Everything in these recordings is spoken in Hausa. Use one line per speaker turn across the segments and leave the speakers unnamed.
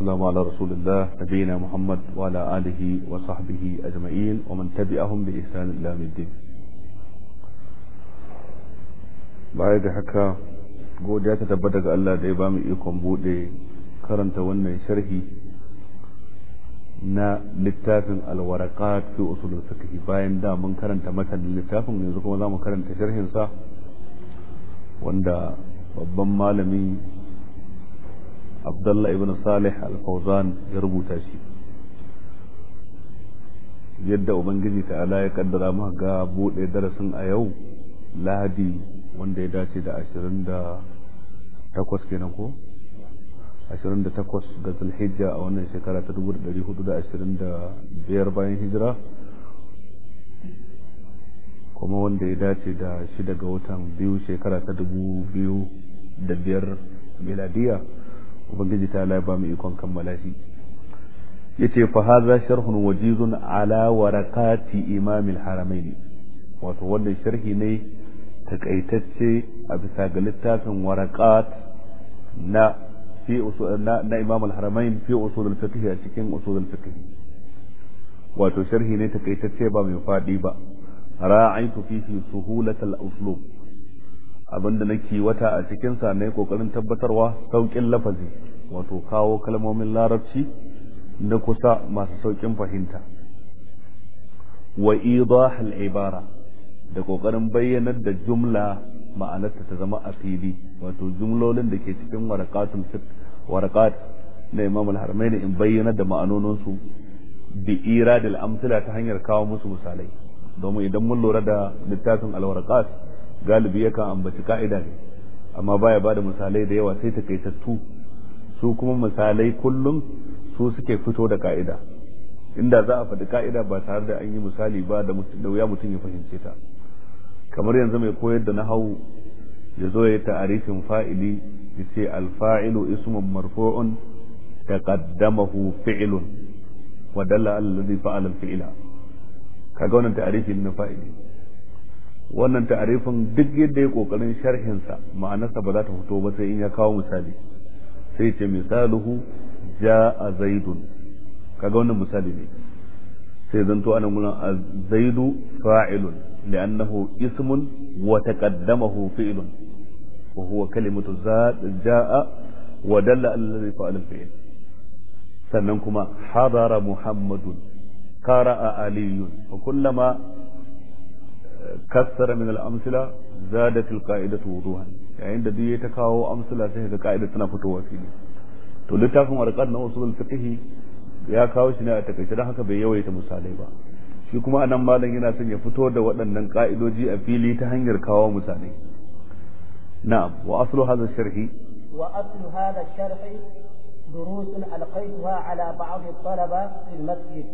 والسلام على رسول الله نبينا محمد وعلى آله وصحبه أجمعين ومن تبعهم بإحسان إلى الدين baya da haka godiya ta tabbata ga Allah da ya bamu mu ikon bude karanta wannan sharhi na littafin alwarakat fi usulul fiqh bayan da mun karanta matan littafin yanzu kuma za mu karanta sharhin sa wanda babban malami abdullah ibn salih al-fawzan ya rubuta shi yadda ubangiji ta'ala ya kaddara mu ga bude darasin a yau lahadi wanda ya dace da 28 kenan ko 28 ga zulhijja a wannan shekara ta 1425 bayan hijira kuma wanda ya dace da shida ga watan biyu shekara ta 2005 miladiya ubangiji ta Allah ba mu ikon kammala shi yace fa hadha sharhun wajizun ala warakati imam al-haramain wato wannan sharhi ne takaitacce a bisa ga littafin warakat na fi na imam al-haramain fi usul al-fiqh a cikin usul al-fiqh wato sharhi ne takaitacce ba mai fadi ba ra'aytu fihi suhulatal uslub abin da nake wata a cikin sa yi kokarin tabbatarwa sauƙin lafazi wato kawo kalmomin larabci na kusa masu saukin fahimta wa idah al-ibara da kokarin bayyanar da jumla ma'anarta ta zama a fili wato jumlolin da ke cikin waraqatul waraqat na Imam al harmaini in bayyana da ma'anoninsu bi iradil amsila ta hanyar kawo musu misalai domin idan mun lura da littafin al galibi yakan ambaci ka'ida ne amma baya ba da misalai da yawa sai takaitattu su kuma misalai kullum su suke fito da ka'ida inda za a faɗi ka'ida ba tare da an yi misali ba da wuya mutum ya fahimce ta kamar yanzu mai koyar da nahawu ya zo ya yi ta'arifin fa'ili ya ce alfa'ilu ismun marfu'un taqaddamahu fi'lun wa dalla alladhi fa'ala fi'ila ka kaga wannan ta'arifi na fa'ili wannan ta'arifin duk yadda ya kokarin sharhinsa ma'anarsa ba za ta fito ba sai in ya kawo misali sai ce misaluhu ja'a zaidun kaga wannan misali ne sai zanto anan gurin zaidu fa'ilun li'annahu ismun wa taqaddamahu fi'lun wa huwa kalimatu ja'a wa dalla alladhi fa'ala fil sannan kuma hadara muhammadun qara'a aliyun wa kullama kassara min al-amsila zadat al wuduhan yayin da duk ta kawo amsila sai ga ka'ida tana fitowa fili to littafin warqat na usul fiqh ya kawo shi ne a takaice dan haka bai yawaita misalai ba shi kuma anan malam yana son ya fito da waɗannan ka'idoji a fili ta hanyar kawo misalai na'am wa aslu hadha sharhi
wa aslu hadha sharhi دروس ألقيتها على بعض الطلبة في المسجد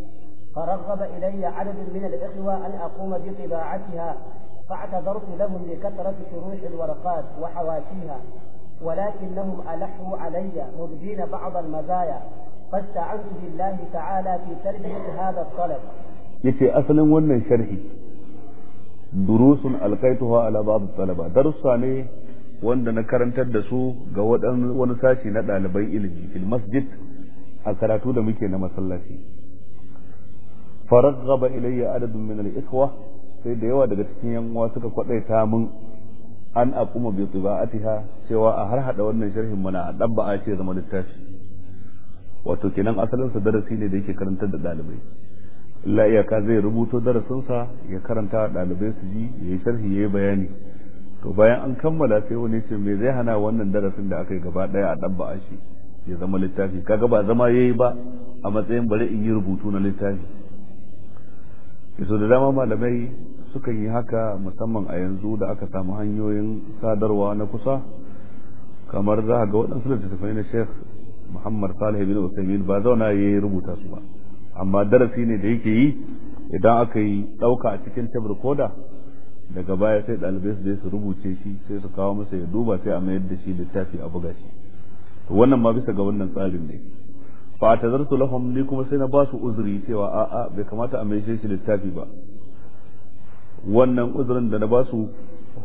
فرغب إلي عدد من الإخوة أن أقوم بطباعتها فاعتذرت لهم لكثرة شروح الورقات وحواشيها ولكنهم ألحوا علي مبدين بعض المزايا فاستعنت بالله تعالى في تربية هذا الطلب
يتي أصلا ون شرحي دروس ألقيتها على بعض الطلبة درس ثاني wanda na karantar da su ga wani sashi na ɗaliban ilimi fil masjid a faraghaba ilayya adadin min al-ikhwa sai da yawa daga cikin yanwa suka kwadaita mun an aquma bi tiba'atiha cewa a har hada wannan sharhin muna a ba a ce zama littafi wato kenan asalin sa darasi ne da yake karantar da dalibai illa iyaka zai rubuto darasin sa ya karanta dalibai su ji yayi sharhi yayi bayani to bayan an kammala sai wani ce me zai hana wannan darasin da aka yi gaba daya a ba a shi ya zama littafi kaga ba zama yayi ba a matsayin bare in yi rubutu na littafi so da dama malamai sukan yi haka musamman a yanzu da aka samu hanyoyin sadarwa na kusa kamar za ga waɗansu littattafai na sheikh muhammad salih bin usaimin ba zauna ya yi rubuta su ba amma darasi ne da yake yi idan aka yi ɗauka a cikin tabar koda daga baya sai ɗalibai su su rubuce shi sai su kawo masa ya duba sai a mayar da shi littafi a buga shi wannan ma bisa ga wannan tsarin ne fa tazartu lahum ni kuma sai na basu uzuri cewa a'a bai kamata a mai shi littafi ba wannan uzurin da na ba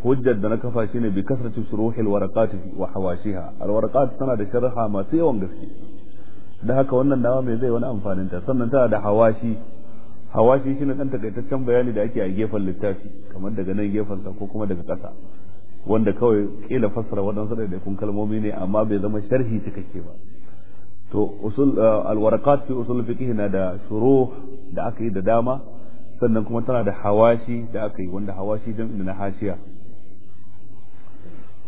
hujjar da na kafa shine bi kasratu suruhil waraqat wa hawashiha alwaraqat tana da sharha masu yawan gaske da haka wannan dawa mai zai wani amfanin ta sannan tana da hawashi hawashi shine kan takaitaccen bayani da ake a gefen littafi kamar daga nan gefen sa ko kuma daga ƙasa wanda kawai kila fassara waɗansu ɗaiɗaikun kalmomi ne amma bai zama sharhi cikakke ba to usul uh, alwarakat fi usul fiqh na da shuruh da aka yi da dama sannan kuma tana da hawashi da aka yi wanda hawashi da na hashiya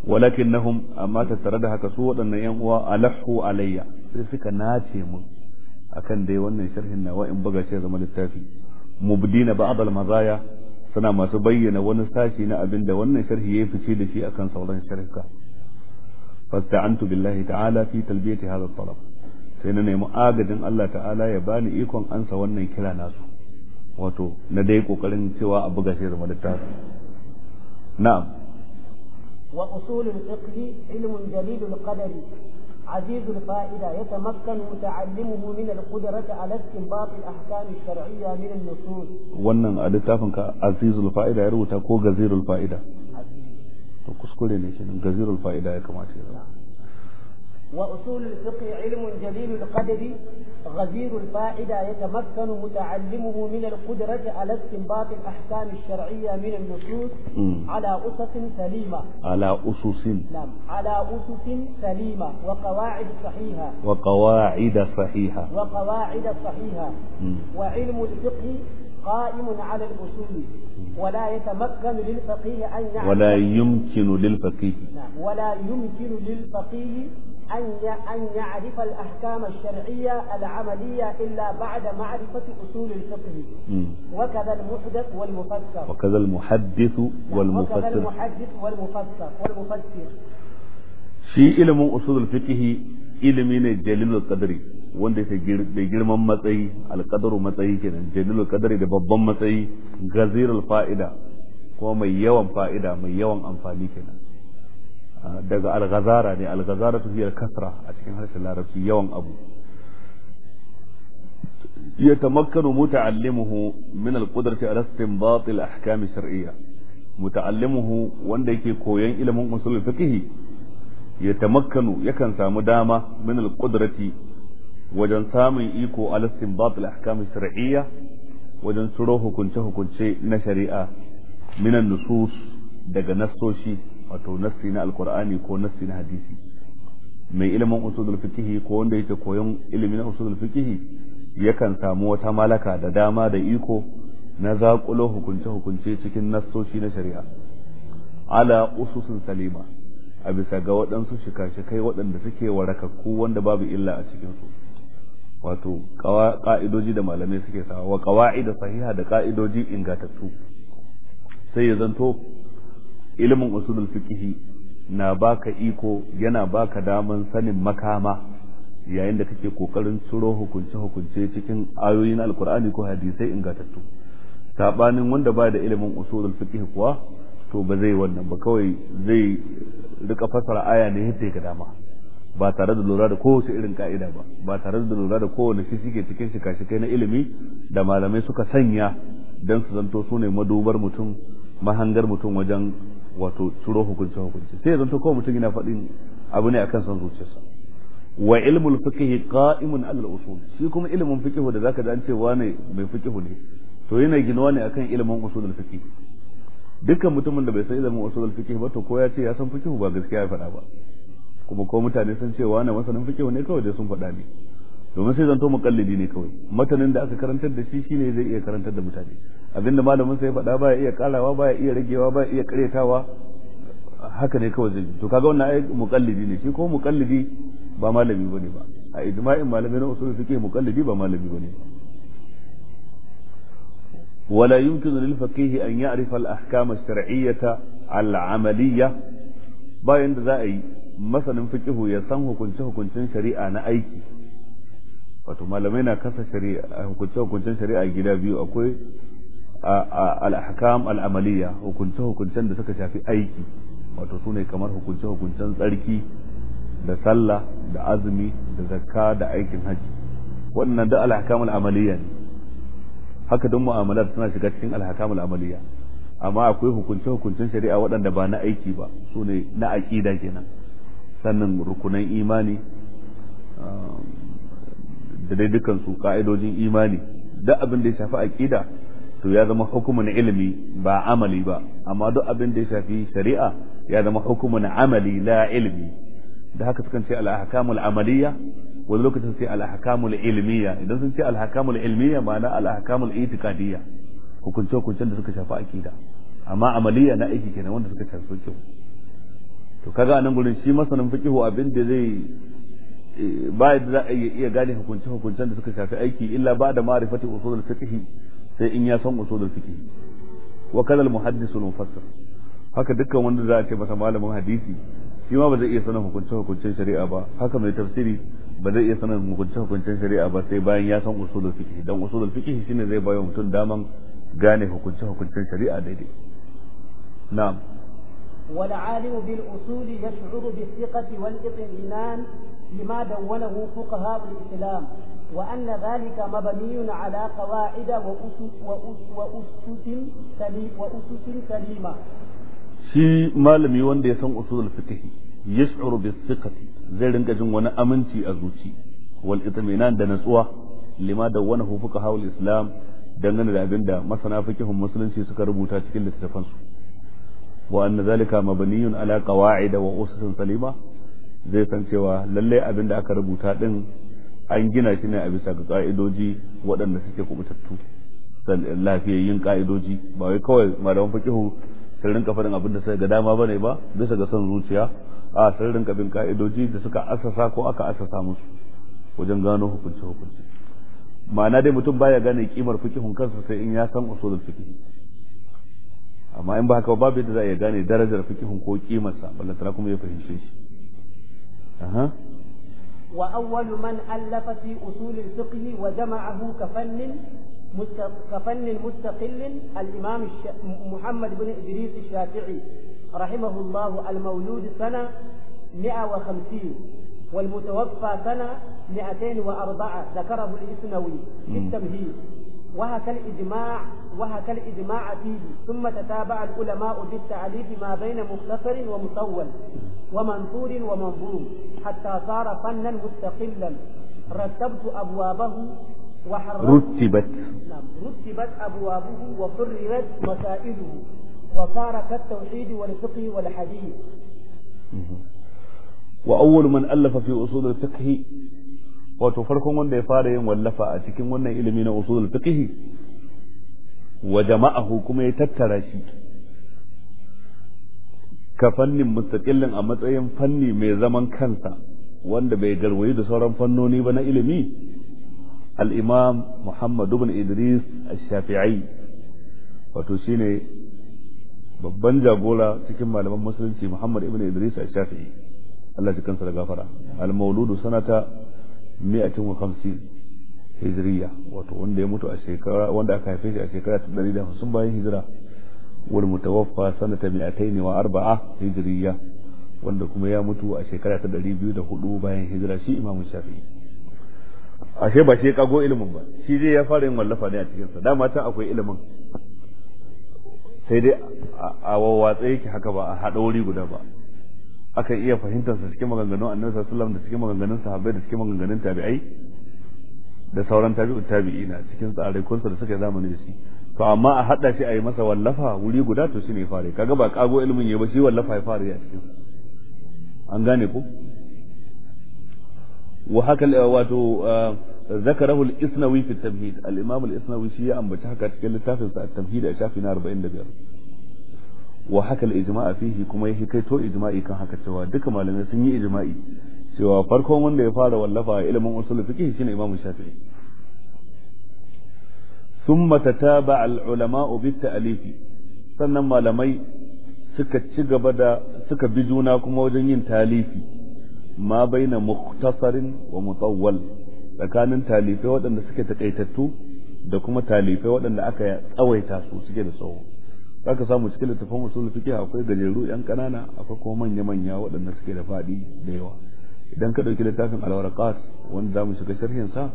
walakinnahum amma tattare da haka su waɗannan yan uwa alahu alayya sai suka nace mun akan dai wannan sharhin nawa in buga shi zama littafi mubdina ba'd al-mazaya suna masu bayyana wani sashi na abin da wannan sharhi ya fice da shi akan sauran sharhika fasta'antu billahi ta'ala fi talbiyati hadha at-talab sai na nemi agajin Allah ta'ala ya bani ikon ansa wannan kira nasu wato na dai kokarin cewa a buga shi zama littafi na'am
wa usulul fiqh fa'ida jalilul qadari عزيز الفائدة يتمكن متعلمه من القدرة على استنباط الأحكام الشرعية من النصوص
wannan a littafin littafinka azizul fa'ida ya rubuta ko gazirul fa'ida to kuskure ne kenan gazirul fa'ida ya kamata ya
وأصول الفقه علم جليل القدر غزير الفائدة يتمكن متعلمه من القدرة على استنباط الأحكام الشرعية من النصوص على أسس سليمة
على أسس
نعم على أسس سليمة وقواعد صحيحة
وقواعد صحيحة
وقواعد صحيحة وعلم الفقه قائم على الأصول ولا يتمكن للفقيه أن يعلم ولا
يمكن للفقيه
نعم ولا يمكن للفقيه أن أن يعرف الأحكام الشرعية العملية إلا بعد معرفة أصول الفقه وكذا المحدث والمفسر وكذا
المحدث والمفسر وكذا المحدث
والمفسر والمفسر
shi ilimin usulul fiqhi ilimi ne jalilul qadri wanda yake da girman matsayi alqadaru matsayi kenan jalilul qadri da babban matsayi gazirul fa'ida ko mai yawan fa'ida mai yawan amfani kenan daga algazara ne algazara ta fiye kasra a cikin harshen larabci yawan abu ya tamakkanu muta'allimuhu min alqudrati ala istinbat alahkam shar'iyya muta'allimuhu wanda yake koyan ilimin usul fiqh ya tamakkanu yakan samu dama min alqudrati wajen samun iko ala istinbat alahkam shar'iyya wajen tsuro hukunce hukunce na shari'a mina nusus daga nassoshi wato nassi na alkur'ani ko nassi na hadisi mai ilimin usulul fiqh ko wanda yake koyon ilimin usulul fiqh yakan samu wata malaka da dama da iko na zaƙulo hukunce-hukunce cikin nassoshi na shari'a ala ususun salima a bisa ga waɗansu shika-shikai waɗanda suke warakakku wanda babu illa a cikinsu wato ƙa'idoji da malamai suke sawa wa ƙawa'i da sahiha da ƙa'idoji ingantattu sai ya zanto ilimin usulul fiqh na baka iko yana baka daman sanin makama yayin da kake kokarin tsuro hukunce hukunce cikin ayoyin alkur'ani ko hadisai ingantattu sabanin wanda ba da ilimin usulul fiqh kuwa to ba zai wannan ba kawai zai rika fasara aya ne yadda ga dama ba tare da lura da kowace irin ka'ida ba ba tare da lura da kowane shi ke cikin shika-shikai na ilimi da malamai suka sanya don su zanto su ne madubar mutum mahangar mutum wajen wato turo hukunci-hukunci sai zanto kawai mutum yana faɗin abu ne akan son zuciyarsa wa ilmul fiqh qa'imun ala al-usul shi kuma ilmin fiqh da zaka ji an ce wane mai fiqh ne to yana ginuwa ne akan ilmin usul al-fiqh dukkan mutumin da bai san ilimin usul al-fiqh ba to ko ya ce ya san fiqh ba gaskiya ya faɗa ba kuma ko mutane sun ce wane masanin fiqh ne kawai dai sun faɗa ne domin sai zanto muqallidi ne kawai matanin da aka karantar da shi shine zai iya karantar da mutane abinda malamin sai faɗa ba ya iya karawa ya iya ragewa ba ya iya karetawa haka ne kawai zai to kaga wannan ai muqallidi ne shi ko muqallidi ba malami bane ba a ijma'in malamai na usul suke muqallidi ba malami bane ولا يمكن للفقيه أن يعرف الأحكام الشرعية العملية bayan da za a yi masanin fikihu ya san hukunce-hukuncen shari'a na aiki wato malamai na kasa hukunce-hukuncen shari'a gida biyu akwai al-ahkam al hukuncin hukunce hukuncen da suka shafi aiki wato sune kamar hukunce hukuncen tsarki da sallah da azumi da zakka da aikin haji wannan da al-ahkam amaliya ne haka duk mu'amalar suna shiga cikin al-ahkam amaliya amma akwai hukunce hukuncen shari'a waɗanda ba na aiki ba sune na aqida kenan sannan rukunan imani um, da dai dukansu ka'idojin imani duk abin da ya shafi aqida to ya zama hukumun ilimi ba amali ba amma duk abin da ya shafi shari'a ya zama hukumun amali la ilimi da haka sukan ce al-ahkamul amaliya wani lokacin sai al-ahkamul ilmiyya idan sun ce al-ahkamul ilmiyya ma'ana al-ahkamul itiqadiyya hukunce hukuncen da suka shafi akida amma amaliya na aiki kenan wanda suka shafi kyau to kaga anan gurin shi masanin fiqihu abin da zai eh, ba da za a iya gane hukunce hukuncen da suka shafi aiki illa ba da ma'rifati usulul fiqhi sai in ya san usulul fiqh wa kala al muhaddis al mufassir haka dukkan wanda za a ce masa malamin hadisi shi ma ba zai iya sanin hukunce hukuncen shari'a ba haka mai tafsiri ba zai iya sanin hukunce hukuncen shari'a ba sai bayan ya san usulul fiqh dan usulul fiqh shine zai bayar mutum daman gane hukunce hukuncen shari'a daidai na'am
والعالم بالأصول يشعر بالثقة والإطمئنان لما دونه فقهاء الإسلام وأن ذلك مبني على قواعد وأسس سليمة
shi malami wanda ya san usulul fiqh yash'uru bis thiqati zai rinka jin wani aminci a zuci wal itminan da natsuwa lima da wani hufuka hawul islam dangane da abin da masana musulunci suka rubuta cikin littattafan su wa anna zalika mabniyun ala qawaid wa usus salima zai san cewa lalle abin da aka rubuta din an gina shi ne a bisa ga ka'idoji waɗanda suke kubutattu lafiyayyun ka'idoji ba wai kawai malaman fiqihu sun rinka faɗin abin da sai ga dama bane ba bisa ga son zuciya a sun rinka bin ka'idoji da suka asasa ko aka asasa musu wajen gano hukunci-hukunci ma'ana dai mutum baya gane kimar fikihun kansa sai in ya san usulul fiqh amma in ba haka babu yadda za a iya gane darajar fikihun ko kimarsa ballantana kuma ya fahimce shi
وأول من ألف في أصول الفقه وجمعه كفن كفن مستقل الإمام محمد بن إدريس الشافعي رحمه الله المولود سنة 150 والمتوفى سنة 204 ذكره الإسنوي في التمهيد وهكا الإجماع وهكا الإجماع فيه ثم تتابع العلماء في التعريف ما بين مختصر ومطول ومنثور ومنظوم حتى صار فنا مستقلا رتبت أبوابه رتبت نعم رتبت أبوابه وفررت مسائله وصار كالتوحيد والفقه والحديث
وأول من ألف في أصول الفقه wato farkon wanda ya fara yin wallafa a cikin wannan ilimi na usulul fiqh wa jama'ahu kuma ya tattara shi ka fannin mustaqillin a matsayin fanni mai zaman kansa wanda bai garwayi da sauran fannoni ba na ilimi al-imam Muhammad ibn Idris al-Shafi'i wato shine babban jagora cikin malaman musulunci Muhammad ibn Idris al-Shafi'i Allah ya kansa da gafara al-mauludu sanata 150 hijriya wato wanda ya mutu a shekara wanda aka haife shi a shekara ta 150 bayan hijira wal mutawaffa sanata 200 arba'a hijriya wanda kuma ya mutu a shekara ta 204 bayan hijira shi imamu shafi'i ashe ba shi ya kago ilimin ba shi dai ya fara yin wallafa ne a cikin sa dama ta akwai ilimin sai dai a wawatsa yake haka ba a haɗa wuri guda ba akan iya fahimtar su cikin maganganun annabi sallallahu alaihi wasallam da cikin maganganun sahabbai da cikin maganganun tabi'ai da sauran tabi'u tabi'ina cikin tsaraikunsa da suka zamani da shi to amma a hada shi a yi masa wallafa wuri guda to shine fare kaga ba kago ilimin ya ba shi wallafa ya fare a cikin an gane ko wa haka wato ذكره الإسنوي في التمهيد الإمام الإسنوي شيء أم بتحكى تكلم تافز التمهيد أشافي 45 wa haka ijmaa fihi kuma yake kai to ijma'i kan haka cewa duka malamai sun yi ijma'i cewa farkon wanda ya fara wallafa ilimin usul fiqh shine Imam Shafi'i thumma tataba al-ulama bi ta'lifi sannan malamai suka ci gaba da suka bi juna kuma wajen yin talifi ma baina mukhtasarin wa mutawwal tsakanin talifai waɗanda suke takaitattu da kuma talifai waɗanda aka tsawaita su suke da tsawo zaka samu cikin littafin usul fiqh akwai gajeru yan kanana akwai kuma manya manya waɗanda suke da fadi da yawa idan ka dauki littafin al-warqat wanda zamu shiga sharhin sa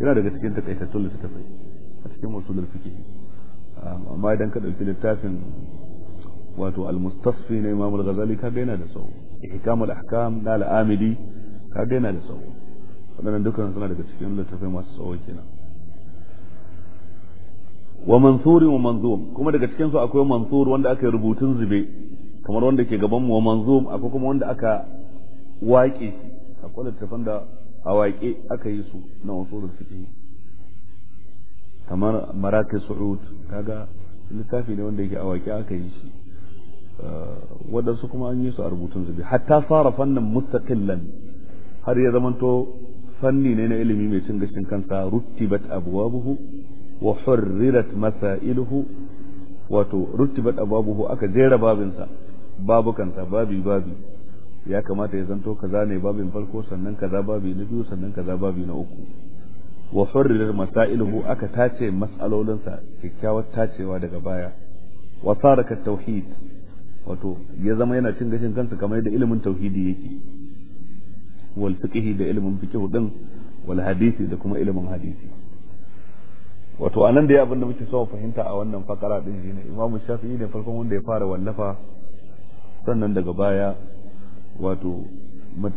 yana daga cikin takaitattun littafai a cikin usul fiqh amma idan ka dauki littafin wato al-mustasfi na Imam al-Ghazali ka yana da tsawo ihkam al-ahkam na al-Amidi kaga yana da tsawo waɗannan dukkan suna daga cikin littafai masu tsawo kenan wa mansuri wa manzum kuma daga cikin su akwai mansur wanda aka yi rubutun zube kamar wanda ke gaban mu wa manzum akwai kuma wanda aka waƙe shi akwai littafan da a waƙe aka yi su na usulul fiqh kamar marakis su'ud kaga littafi ne wanda yake a waƙe aka yi shi eh, waɗansu kuma an yi su a rubutun zube hatta fara fannin mustaqillan har ya zamanto fanni ne na ilimi mai cin gashin kansa ruttibat buhu. wa hurrirat masailuhu wato rutibat ababuhu aka jera babinsa babukansa babi babi ya kamata ya zanto kaza ne babin farko sannan kaza babi na biyu sannan kaza babi na uku wa masa masailuhu aka tace mas'alolinsa kyakkyawar tacewa daga baya wa saraka tauhid wato ya zama yana cin gashin kansa kamar yadda ilimin tauhidi yake wal fiqhi da ilimin fiqh din wal hadisi da kuma ilimin hadisi wato anan da ya abinda da muke so fahimta a wannan fakara din shine imamu shafi'i ne farkon wanda ya fara wallafa sannan daga baya wato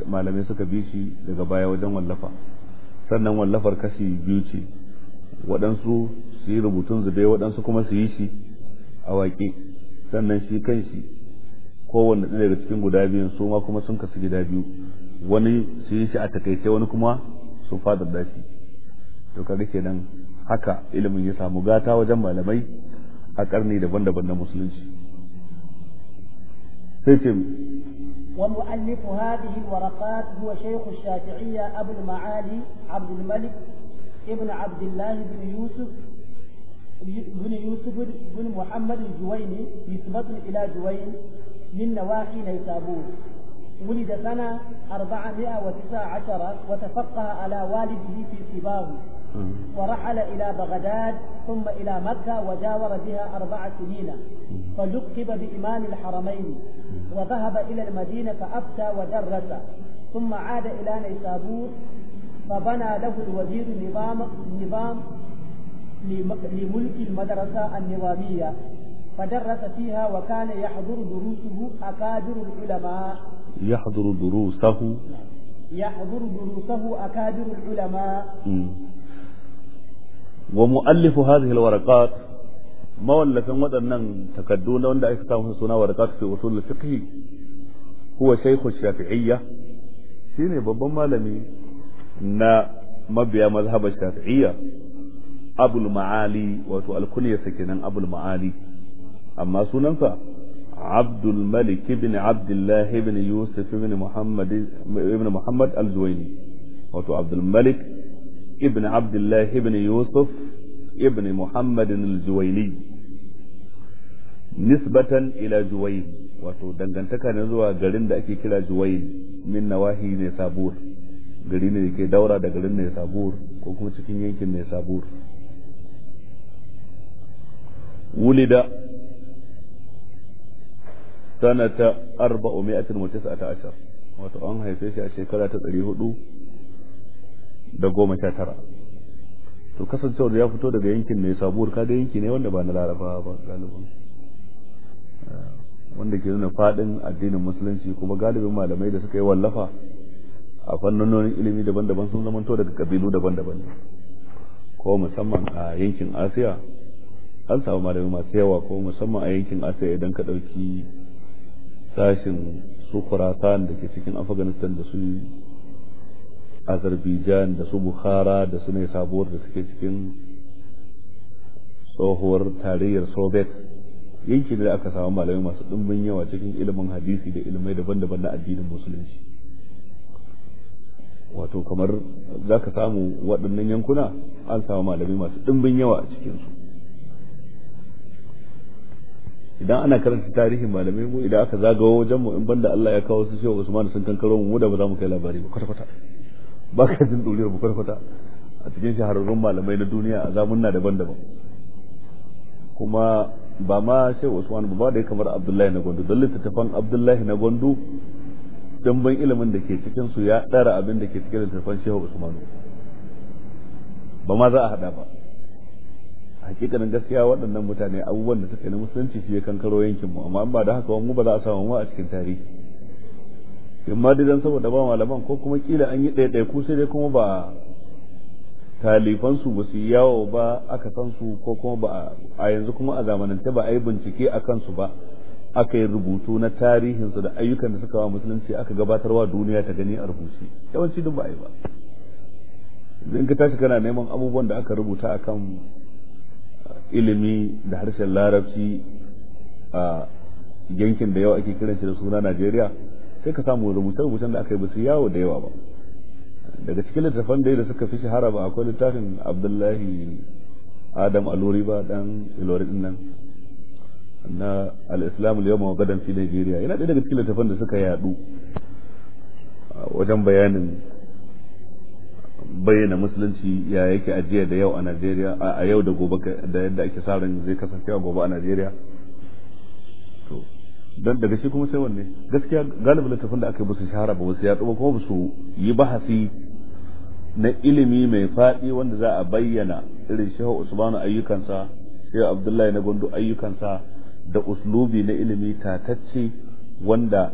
malamai suka bi shi daga baya wajen wallafa sannan wallafar kashi biyu ce waɗansu su yi rubutun zube waɗansu kuma su yi shi a waƙe sannan shi kan shi kowanne ɗaya daga cikin guda biyun su ma kuma sun kasu gida biyu wani su yi shi a takaice wani kuma su fadar da shi to kaga kenan haka ilimin ya samu gata wajen malamai a karni daban-daban na musulunci sai ce
ومؤلف هذه الورقات هو شيخ الشافعية أبو المعالي عبد الملك ابن عبد الله بن يوسف بن يوسف بن محمد الجويني نسبة إلى جوين من نواحي نيسابور ولد سنة 419 وتفقه على والده في سباه ورحل إلى بغداد ثم إلى مكة وجاور بها أربع سنين فلقب بإمام الحرمين وذهب إلى المدينة فأفتى ودرس ثم عاد إلى نيسابور فبنى له الوزير نظام نظام لملك المدرسة النظامية فدرس فيها وكان يحضر دروسه أكادر العلماء
يحضر دروسه
يحضر دروسه أكادر العلماء
wa mu'allifu hadhihi alwaraqat mawallafin waɗannan takaddu na wanda aka samu suna warqat fi usul fiqh huwa shaykhu shafi'iyya shine babban malami na mabiya mazhabar shafi'iyya abul ma'ali wato alkunyarsa kenan abul ma'ali amma sunansa abdul malik ibn abdullah ibn yusuf ibn muhammad ibn muhammad al wato abdul ابن عبد الله ابن يوسف ابن محمد الجويني نسبة إلى جويني wato dangantaka ne zuwa garin da ake kira juwain min nawahi ne sabur gari ne da ke daura da garin ne sabur ko kuma cikin yankin ne sabur wulida sanata 419 wato an haife shi a shekara ta 400 da goma sha tara to kasancewar ya fito daga yankin ne sabuwar kada yanki ne wanda ba na laraba ba galibin ah, wanda ke nuna fadin addinin musulunci kuma galibin malamai da suka yi wallafa a fannonin ilimi daban-daban sun zamanto daga kabilu daban-daban ko musamman a yankin asiya an samu malamai masu yawa ko musamman a yankin asiya idan ka ɗauki sashin su da ke cikin afghanistan da su azerbaijan da su bukhara da su ne sabuwar da suke cikin tsohuwar tarihiyar soviet yankin da aka samu malami masu ɗimbin yawa cikin ilimin hadisi da ilimai daban-daban na addinin musulunci wato kamar za ka samu waɗannan yankuna an samu malami masu ɗimbin yawa a cikinsu idan ana karanta tarihin malamai mu idan aka zagawo wajen mu in banda Allah ya kawo su cewa Usman sun kankaro mu da ba za mu kai labari ba kwata-kwata ba ka jin ɗuriyar ba kwata a cikin shahararrun malamai na duniya a zamunna daban-daban kuma ba ma sai usman ba da kamar abdullahi na gwandu don littattafan abdullahi na gwandu dimbin ilimin da ke cikin su ya ɗara abin da ke cikin littattafan shehu usmanu ba ma za a haɗa ba hakikanin gaskiya waɗannan mutane abubuwan da suka yi na musulunci shi ya kankaro yankinmu amma ba da haka wani ba za a samu mu a cikin tarihi imma dai dan saboda ba malaman ko kuma kila an yi ɗaya ku sai dai kuma ba talifansu su ba su yawo ba aka san su ko kuma ba a yanzu kuma a zamanance ba a yi bincike a kansu ba aka yi rubutu na tarihinsu da ayyukan da suka wa musulunci aka gabatarwa duniya ta gani a rubuce yawanci duk ba a ba in ka tashi kana neman abubuwan da aka rubuta akan uh, ilimi da harshen larabci a uh, yankin da yau ake kiran shi da suna najeriya sai ka samu rubuce-rubucen da aka yi basu yawo da yawa ba daga cikin littafan da da suka fi shahara ba akwai littafin abdullahi adam alori ba dan ilori din nan na al-islam al-yawma fi nigeria yana ɗaya daga cikin littafan da suka yadu wajen bayanin bayyana musulunci ya yake ajiya da yau a nigeria a yau da gobe da yadda ake sa ran zai a gobe a nigeria. don daga shi kuma sai wanne gaskiya galibin littafin da aka yi musu shahara ba wasu ya ba kuma su yi bahasi na ilimi mai faɗi wanda za a bayyana irin shehu usmanu ayyukansa shehu abdullahi na gondo ayyukansa da uslubi na ilimi tatacce wanda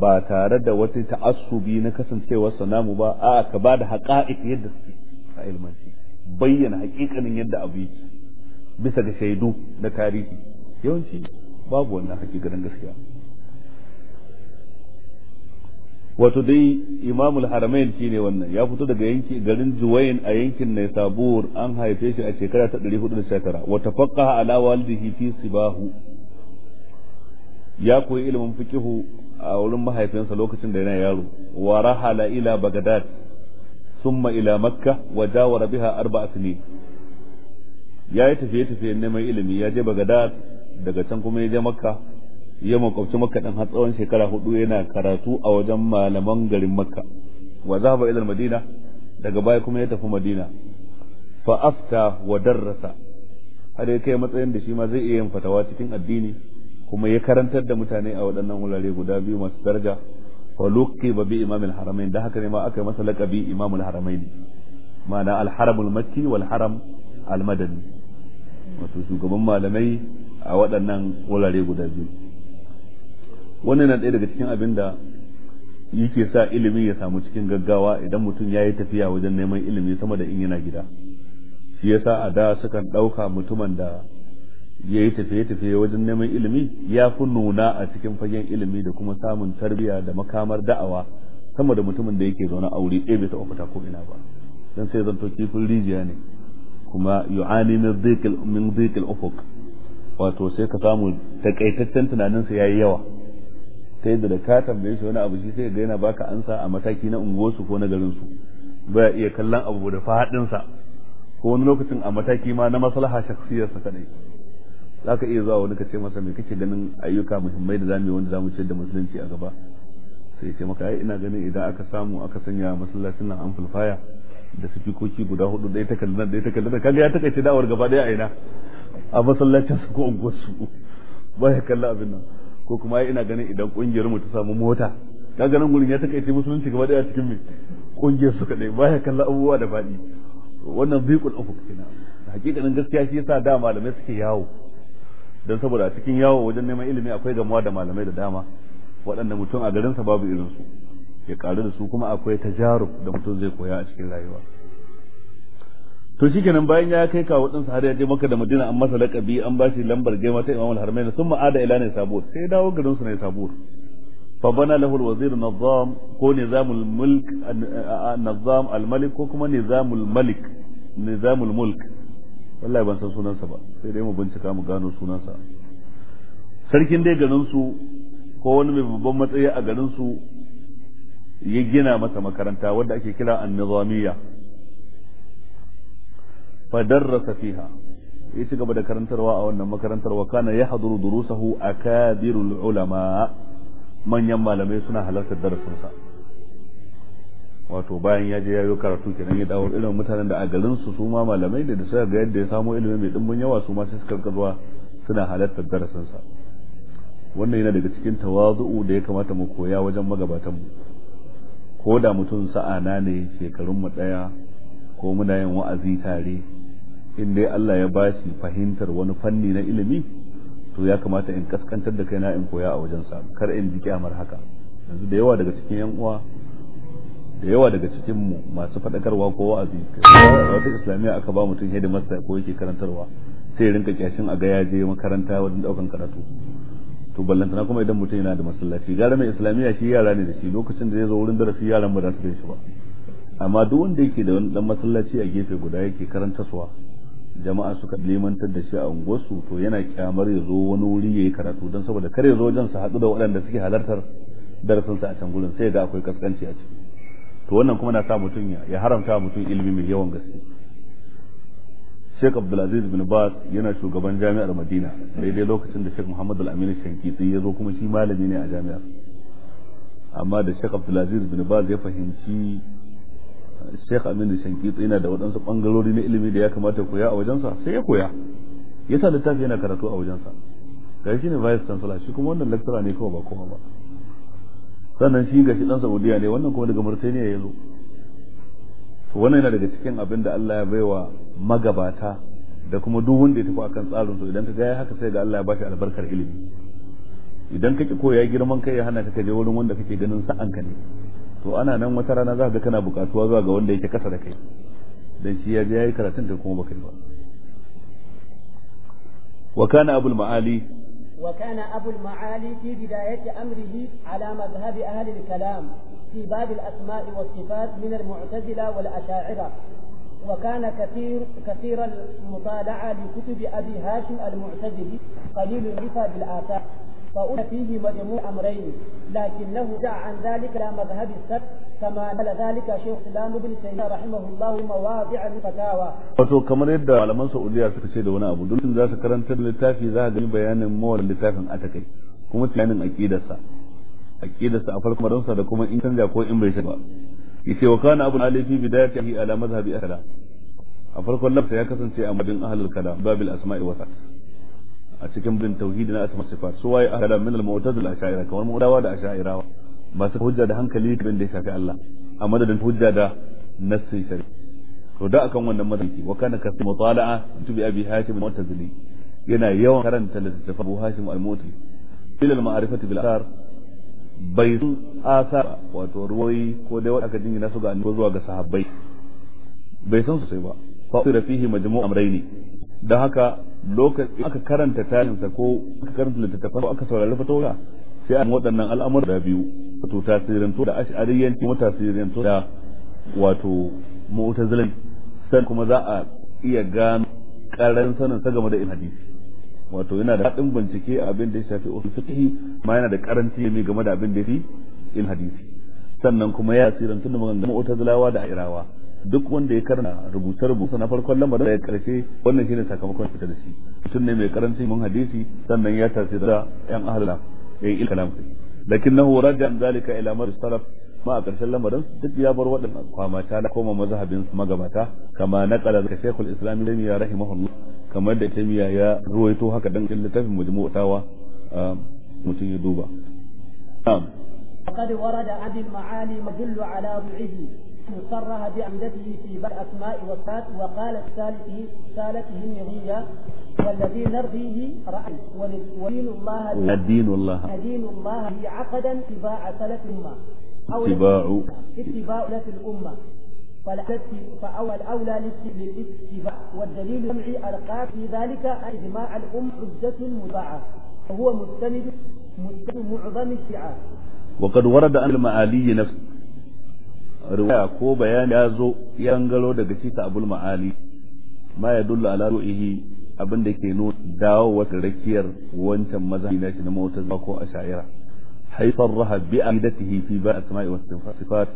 ba tare da wata ta'assubi na kasancewarsa namu ba a ka ba da haƙa'iq yadda suke a ilmanci bayyana hakikanin yadda abu yake bisa ga shaidu na tarihi yawanci babu wannan hakikanin gaskiya wato dai imamul haramain ne wannan ya fito daga yanki garin juwayin a yankin naisabur an haife shi a shekara ta 419 a tafaqaha ala walidihi fi sibahu ya koyi ilimin fikihu a wurin mahaifinsa lokacin da yana yaro wa rahala ila bagdad thumma ila makka wa jawara biha arba'a sinin ya yi tafiye tafiye neman ilimi ya je bagdad daga can kuma ya je makka ya makwabci makka ɗin har tsawon shekara hudu yana karatu a wajen malaman garin makka wa zahaba ila madina daga baya kuma ya tafi madina fa afta wa darrasa har ya kai matsayin da shi ma zai iya yin fatawa cikin addini kuma ya karantar da mutane a waɗannan wurare guda biyu masu daraja wa ba bi imamil haramain da haka ne ma aka yi masa laqabi imamul haramain ma'ana al haramul makki wal haram al madani wato shugaban malamai a waɗannan wurare guda biyu wannan na ɗaya daga cikin abin da yake sa ilimi ya samu cikin gaggawa idan mutum ya yi tafiya wajen neman ilimi sama da in yana gida shi yasa a da sukan ɗauka mutumin da ya yi tafiye-tafiye wajen neman ilimi ya fi nuna a cikin fagen ilimi da kuma samun tarbiyya da makamar da'awa sama da mutumin da yake zaune aure ɗaya bai taɓa fita ko ina ba don sai zanto kifin rijiya ne kuma yu'ani min dhikil min dhikil ufuq wato sai ka samu takaitaccen tunaninsa ya yi yawa ta yadda da ka tambaye shi wani abu shi sai ga yana baka ansa a mataki na unguwarsu ko na garinsu baya iya kallon abu da faɗinsa ko wani lokacin a mataki ma na maslaha shakhsiyarsa kadai za ka iya zuwa wani ka ce masa me kake ganin ayyuka muhimmai da zamu yi wanda zamu ciyar da musulunci a gaba sai ce maka ai ina ganin idan aka samu aka sanya masallacin nan fulfaya da sifikoki guda hudu ɗaya ta kallon ɗaya ta kallon kaga ya takaice da'awar gaba ɗaya a ina a masallacin su ko unguwarsu ba ya kalla abin nan ko kuma ina ganin idan kungiyar mu ta samu mota ka ganin gurin ya takaice musulunci gaba daya cikin mai kungiyar su kadai ba ya kalla abubuwa da faɗi wannan bikul ufuq kenan hakikanin gaskiya shi yasa da malamai suke yawo dan saboda a cikin yawo wajen neman ilimi akwai gamuwa da malamai da dama waɗanda mutum a garin sa babu su ya karu da su kuma akwai tajarub da mutum zai koya a cikin rayuwa to kenan bayan ya kai kawo din har ya je maka da madina an masa lakabi an ba shi lambar gaima ta imamul harmain sun ma'ada ila ne sabuwar sai dawo garin su ne sabuwar fa bana lahu alwazir nizam ko nizamul mulk nizam almalik ko kuma nizamul malik nizamul mulk wallahi ban san sunansa ba sai dai mu bincika mu gano sunansa sarkin dai garin su ko wani mai babban matsayi a garin su ya gina masa makaranta wadda ake kira an-nizamiyya fadarrasa fiha ya ci gaba da karantarwa a wannan makarantar wa kana yahduru a akabirul ulama manyan malamai suna halartar darasinsa wato bayan ya je ya yi karatu kenan ya dawo irin mutanen da a garin su su ma malamai da suka ga yadda ya samo ilimi mai dimbin yawa su ma sai suka karkarwa suna halartar darasinsa wannan yana daga cikin tawazu'u da ya kamata mu koya wajen magabatanmu ko da mutum na ne shekarun mu daya ko muna yin wa'azi tare in dai Allah ya bashi fahimtar wani fanni na ilimi to ya kamata in kaskantar da kaina in koya a wajensa kar in ji kyamar haka yanzu da yawa daga cikin yan uwa da yawa daga cikin mu masu fadakarwa ko wa'azi wata islamiyya aka ba mutum masa ko yake karantarwa sai rinka kyashin a ga ya je makaranta wajen daukan karatu to ballantana kuma idan mutum yana da masallaci gara mai islamiyya shi yara ne da shi lokacin da ya zo wurin darasi yaran ba za su shi ba amma duk wanda yake da wani dan masallaci a gefe guda yake suwa jama'a suka limantar da shi a unguwarsu to yana kyamar ya zo wani wuri ya yi karatu don saboda kar ya zo wajen su haɗu da waɗanda suke halartar darasinsa a can gurin sai ga akwai kaskanci a ciki to wannan kuma na sa mutum ya haramta mutum ilimi mai yawan gaske Sheikh Abdulaziz bin Baz yana shugaban jami'ar Madina daidai lokacin da Sheikh Muhammad Al-Amin Shankiti ya zo kuma shi malami ne a jami'ar amma da Sheikh Abdulaziz bin Baz ya fahimci Sheikh Aminu Shankiti yana da waɗansu ɓangarori na ilimi da ya kamata koya a wajensa sai ya koya yasa littafi yana karatu a wajensa ga shi ne vice chancellor shi kuma wannan lecturer ne kawai ba kowa ba sannan shi gashi shi dan Saudiya ne wannan kuma daga Mauritania ya zo to wannan yana daga cikin abin da Allah ya baiwa magabata da kuma duk wanda ya tafi akan tsarin su idan ka ga haka sai ga Allah ya bashi albarkar ilimi idan ka ki koya girman kai ya hana ka je wurin wanda kake ganin sa'anka ne to ana nan wata rana za ka kana bukatuwa zuwa ga wanda yake kasa da kai dan shi ya je yayi karatun kai kuma baka yi ba wa kana abul ma'ali
وكان أبو المعالي في بداية أمره على مذهب أهل الكلام في باب الأسماء والصفات من المعتزلة والأشاعرة وكان كثير كثير المطالعة لكتب أبي هاشم المعتزلي قليل الرفا بالآثار فأولى فيه مجموع أمرين لكنه دع عن ذلك إلى مذهب السبت كما نال ذلك شيخ الإسلام ابن تيمية رحمه الله مواضع الفتاوى
wato kamar yadda malaman Saudiya suka ce da wani abu dukkan za su karanta littafi za ga bayanin mawal littafin atakai kuma bayanin aqidarsa aqidarsa a farkon ransa da kuma in canja ko in bai shi ba yace wa kana abu ali fi bidayatihi ala mazhabi ahla a farkon lafsa ya kasance a madin ahlul kalam babil asma'i wa a cikin bin tauhidi na asma sifat su waye aka da min al-mu'tazila ash'ira kamar mu'tawa da ash'irawa masu hujja da hankali bin da ya shafi Allah a madadin hujja da nassin shari. to da akan wannan madalci wa kana kasi mutala'a tubi abi hashim al-mu'tazili yana yawan karanta littattafan Abu Hashim al-Mu'tazili ila al-ma'rifati bil athar bai sun asar wato ruwai ko dai wanda aka jingina su ga annabi zuwa ga sahabbai bai san su sai ba fa fihi majmu'u amrayni dan haka lokacin aka karanta tarihinsa ko aka karanta littattafan ko aka saurari fatowa sai a waɗannan al'amura da biyu wato tasirantu da ash'ariyanci kuma tasirantu da wato mu'tazilin san kuma za a iya gano karan sanin sa game da in hadisi wato yana da haɗin bincike a abin da ya shafi ofin fiqh ma yana da karanci ne game da abin da ya fi in hadisi sannan kuma ya tasirantu da maganganun mu'tazilawa da irawa duk wanda ya karna rubuce rubuce na farkon da ya karshe wannan shine sakamakon fita da shi mutum ne mai karanci mun hadisi sannan ya tasiri da yan ahalala ya yi kalam lakinnahu raja an zalika ila mar salaf ma a karshen lamarin duk ya bar waɗannan kwamata na koma mazhabin magabata kama naqala da shaykhul islam ibn ya rahimahullah kamar da tamiya ya ruwaito haka dan littafin majmu'u tawa mutum ya duba
na'am ورد عن المعالي مدل على ضعفه صرها بأمدته في بعض أسماء وصفات وقال الثالث ثالثه النبي والذي نرضيه رأي ودين الله الدين الله الدين الله عقدا اتباع سلف الأمة أو اتباع اتباع سلف الأمة فأول أولى للاتباع والدليل الجمعي ألقى في ذلك إجماع الأم حجة مضاعة وهو مستند مستند معظم الشعار
وقد ورد أن المعالي نفسه riwaya ko bayani ya zo ya galo daga cika abul ma'ali ma ya dulla ala ru'ihi abin da ke nuna dawo wata rakiyar wancan mazhabi na shi na mu'tazila ko asha'ira haifar raha bi aqidatihi fi ba asma'i was sifat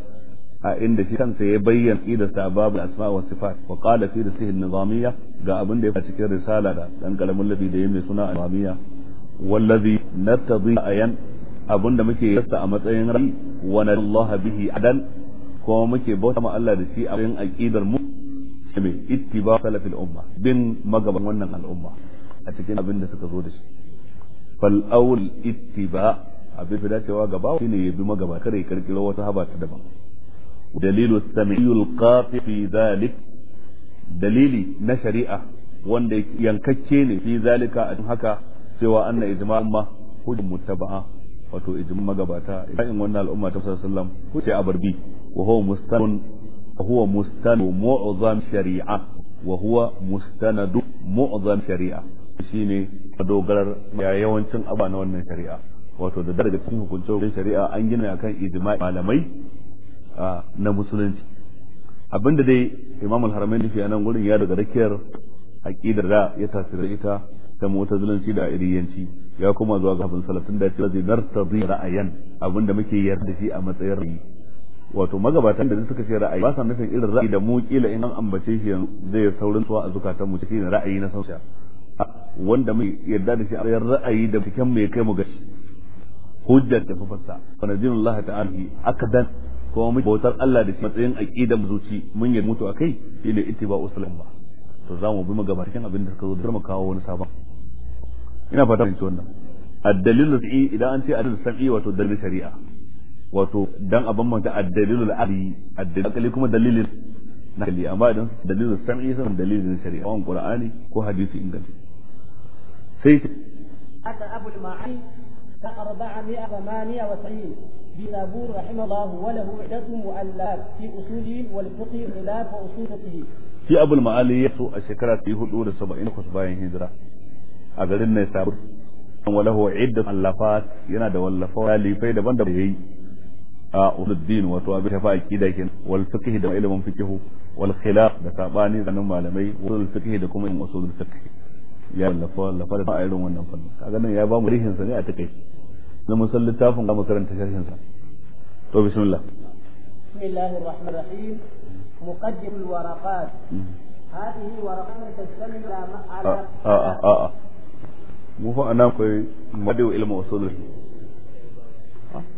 a inda shi kansa ya bayyana ida sababu asma'i was sifat wa qala fi risalihi nizamiyya ga abin da ya cikin risala da dan kalamin labi da yayi suna nizamiyya wallazi nattadhi ayan abin da muke yasa a matsayin rai wa nallaha kuma muke bauta ma Allah da shi a cikin aqidar mu mai ittiba salafil umma bin magaban wannan al'umma a cikin abin da suka zo da shi fal awl ittiba abin da dacewa gaba shine ya bi magaba kare kirkiro wata haba ta daban dalilu samiyul qati fi zalik dalili na shari'a wanda yankacce ne fi zalika a haka cewa anna ijma'un ma hujjatun mutaba'a wato ijma' magabata in wannan al'umma ta sallallahu alaihi wasallam ce abarbi وهو مستند وهو مستند معظم شريعة وهو مستند معظم شريعة shine دوغر ya yawancin abuwa na wannan shari'a wato da daga cikin hukuncin shari'a an gina akan ijma'i malamai na musulunci abinda dai imam al-haramain nufi a nan gurin ya daga rakiyar aqidar da ya tasiri ita ta mu'tazilanci da iriyanci ya kuma zuwa ga abin salatin da ya ce zai nartazi ra'ayan abinda muke yarda shi a matsayin ra'ayi wato magabatan da suka ce ra'ayi ba sa nufin irin ra'ayi da mu kila in an ambace shi zai saurin suwa a zukatan mu cikin ra'ayi na sauya wanda mai yarda da shi a ra'ayi da cikin mai kai mu gashi hujjar da fafasa fa Allah ta'ala akadan kuma mu bautar Allah da shi matsayin mu zuci mun yi mutu akai ittiba usulun ba to za mu bi magabatan abin da suka zo da kawo wani sabon ina fata mun ci wannan idan an ce addalilu الدليل wato وتدليل shari'a wato dan abin a addalilu al-aqli addalilu kuma dalilin nakali amma dan dalilu sam'i sun dalilin shari'a wan qur'ani ko hadisi inganta sai ta
aka abu al-ma'ani ka arba'a mi'a wa sayyid بنابور رحمه الله وله عدة مؤلفات في أصوله والفقه خلاف أصوله
في أبو المعالي يسوء الشكرة في حدود السبعين خصبائن هجرة أقل النساء وله عدة مؤلفات ينادى واللفات لفيد بند بهي a uluddin wato abin a aqida kenan wal fiqh da ilimin fiqh wal khilaf da sabani zanin malamai wal fiqh da kuma usulul fiqh ya da wannan kaga nan ya ba mu rihin sa ne a na musal littafin ga makaranta sharhin sa to bismillah
bismillahir rahmanir rahim waraqat
hmm.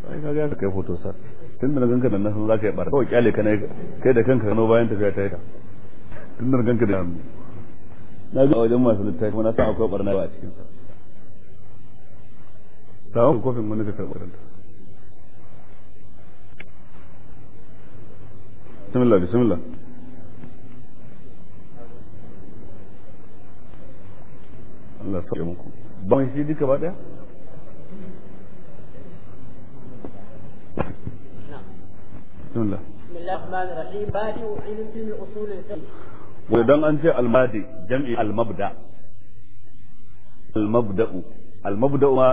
sai ka ga kai hoto sa tunda na ganka nan san zaka yi barka kawai kyale kana kai da kanka kano bayan tafiya ta yi tunda na ganka da na ga wajen masu littafi kuma na san akwai barna ba a cikin sa sawon kofin wani ka karɓar ta bismillah bismillah Allah muku ba shi duka ba daya
بسم الله الرحمن الرحيم في اصول الفقه
ودان ان المادي جمع المبدا المبدا المبدا ما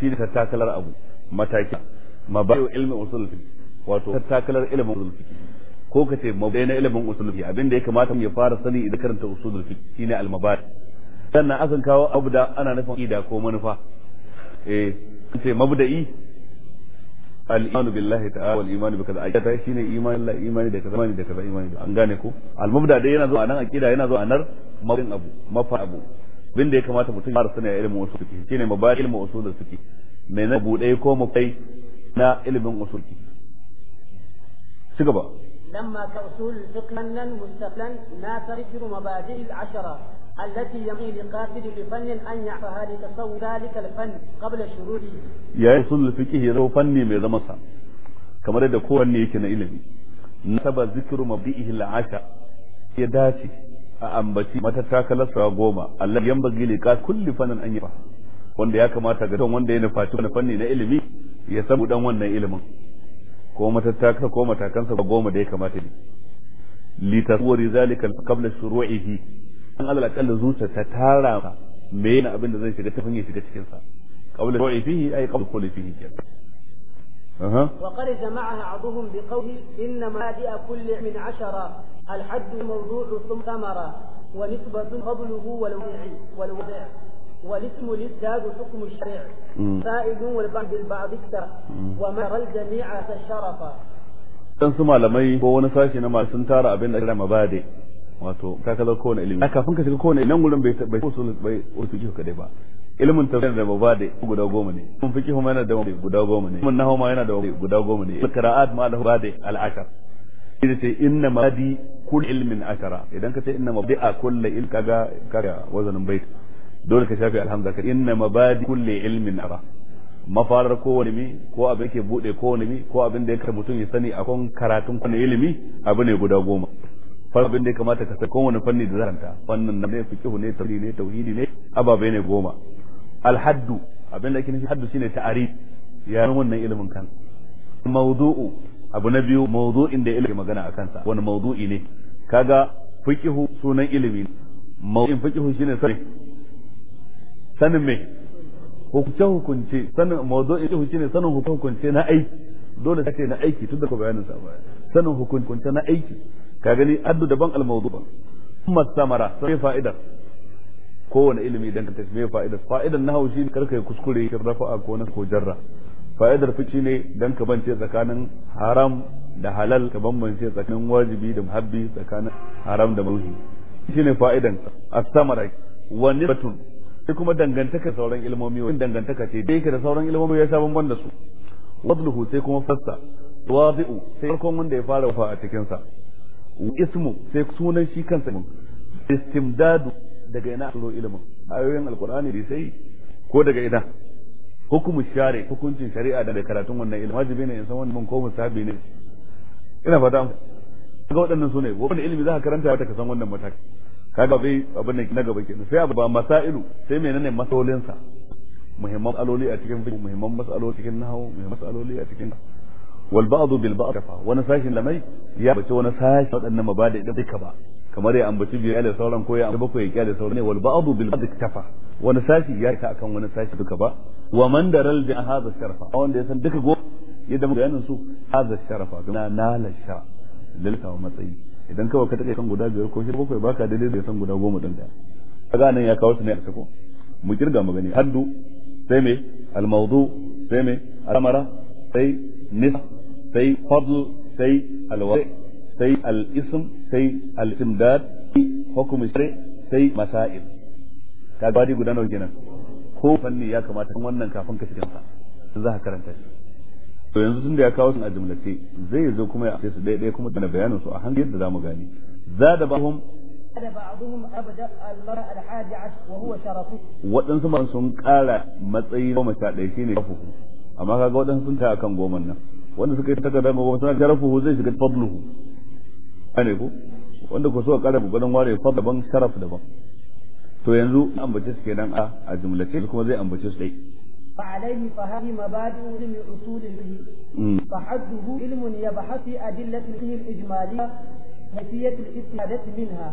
في تتاكلر ابو متاكي مبادئ علم اصول الفقه wato tattakalar ilimin usul fiqh ko kace mabai na ilimin usul fiqh abin da ya kamata mu ya fara sani idan karanta usul fiqh shine al-mabadi sannan akan kawo abda ana nufin ida ko manufa eh kace mabda'i al-iman billahi ta'ala wal iman bi kaza ayata shine iman la imani da kaza imani da kaza imani da an gane ko al-mubda dai yana zuwa nan akida yana zuwa nan mabin abu mafa abu bin da ya kamata mutum ya sani a ilimin usul fiqh shine mabail ilmin usul da suke mai na bude ko mafai na ilimin usul fiqh ci gaba
lamma ashara التي يمي لقاتل لفن أن يعرفها لتصور ذلك الفن قبل شروره
يا يصل الفكه يزو فني مي زمسا kamar da kowanne yake na ilimi nasaba zikru mabihi al'asha ya dace a ambaci matattakalarsa goma Allah yan bagi ne ka kulli fanan wanda ya kamata ga don wanda ya nufaci wani fanni na ilimi ya samu dan wannan ilimin ko matattaka ko matakansa goma da ya kamata ne li tasawwari zalika qabla shuru'ihi an alal akalla zuciya ta tara me yana abin da zai shiga tafin ya shiga cikin sa qawla ru'i fihi ay qawla qawli fihi kenan أه.
وقد جمعها عضهم بقوله إن مبادئ كل علم عشرة الحد موضوع ثم ثمرة ونسبة قبله والوضع والوضع والاسم للزاد حكم الشرع فائد والبعض بالبعض اكثر ومر الجميع الشرف
dan su malamai ko wani sashi na masu tara abin da kira mabade wato ka kaza kowane ilimi kafin ka shiga kowane nan gurin bai bai usul bai wato usul kadai ba ilimin tafsir da da guda goma ne mun fiki ma yana da guda goma ne mun nahoma yana da guda goma ne qira'at ma lahu bade al ashar idan ce inna mabadi kul ilmin ashara idan ka ce inna mabadi'a kulli il kaga kaga wazanin bait dole ka shafi alhamza ka inna mabadi kulli ilmin ara mafarar kowane mi ko abin yake bude kowane mi ko abin da ya mutum ya sani a kan karatun kowane ilimi abu ne guda goma far abin da ya kamata ka san kowane fanni da zaranta wannan ne fiqh ne tafsiri ne tauhidi ne ababe ne goma alhaddu abin da ake nufi haddu shine ta'arif ya wannan ilimin kan mawdu'u abu na biyu mawdu'in da ilimi magana akan sa wani mawdu'i ne kaga fiqh sunan ilimi mawdu'in fiqh shine sanin sanin me hukunce hukunce sanin mawdu'in fiqh shine sanin hukunce na aiki dole sai na aiki tunda ko bayanin sa sanin hukunce na aiki ka gani addu daban almawdu amma samara sai fa'idar kowane ilimi idan ka tafi fa'idar fa'idar na haushi karka yi kuskure ka rafa'a ko na ko jarra fa'idar fici ne dan ka bance tsakanin haram da halal ka bambance tsakanin wajibi da muhabbi tsakanin haram da mauhi shine fa'idan as-samara wa nisbatun sai kuma dangantaka sauran ilmomi wani dangantaka ce da yake da sauran ilmomi ya sha bamban da su wadluhu sai kuma fassa wadi'u sai farkon wanda ya fara wafa a cikinsa ismu sai sunan shi kansa istimdadu daga ina tsoro ilimin ayoyin alkur'ani da sai ko daga ina hukumu share hukuncin shari'a da karatun wannan ilimin wajibi ne in san wannan ko musabi ne ina fata ga waɗannan sune wannan ilimi za ka karanta wata ka san wannan mataki kaga bai abin da na gaba kenan sai abu ba masailu sai menene masalolinsa muhimman aloli a cikin fiqh muhimman masaloli cikin nahwu muhimman masaloli a cikin wal ba'du bil ba'd fa wani sashin lamai ya bace wani sashin wadannan mabada idan duka ba kamar ya ambaci biyu ya da sauran ko ya ambaci bakwai ya da sauran ne wal ba'du bil ba'd tafa wani sashi ya ta akan wani sashi duka ba wa man daral bi hadha sharafa wanda ya san duka go ya muka bayanin su hadha sharafa na nala sha lalta wa matsayi idan kawai ka take kan guda biyar ko shi bakwai baka daidai da san guda goma din da kaga nan ya kawo su ne a sako mu kirga mu gani haddu sai me al mawdu sai me al amara sai nisa sai fadl sai alwari sai al-ism sai al-imdad hukum shari sai masail kaga wadi guda nawa kenan ko ya kamata kan wannan kafin ka shiga to yanzu tunda ya kawo sun a zai zo kuma ya sai su daidai kuma da bayanin su a hanyar yadda zamu gani za da ba abda al-mar'a sun kara matsayi goma sha ɗaya shine kafu amma kaga waɗansu sun ta akan goman nan wanda suka yi takarda ga gwamnati sharafuhu zai shiga fadluhu ane ko wanda ko so ka kara gidan ware fad daban sharaf daban to yanzu an bace su kenan a a jumlace kuma zai ambace su dai
فعليه فهذه مبادئ علم اصول الفقه فحده علم يبحث في ادله الفقه الاجماليه كيفيه الاستفاده منها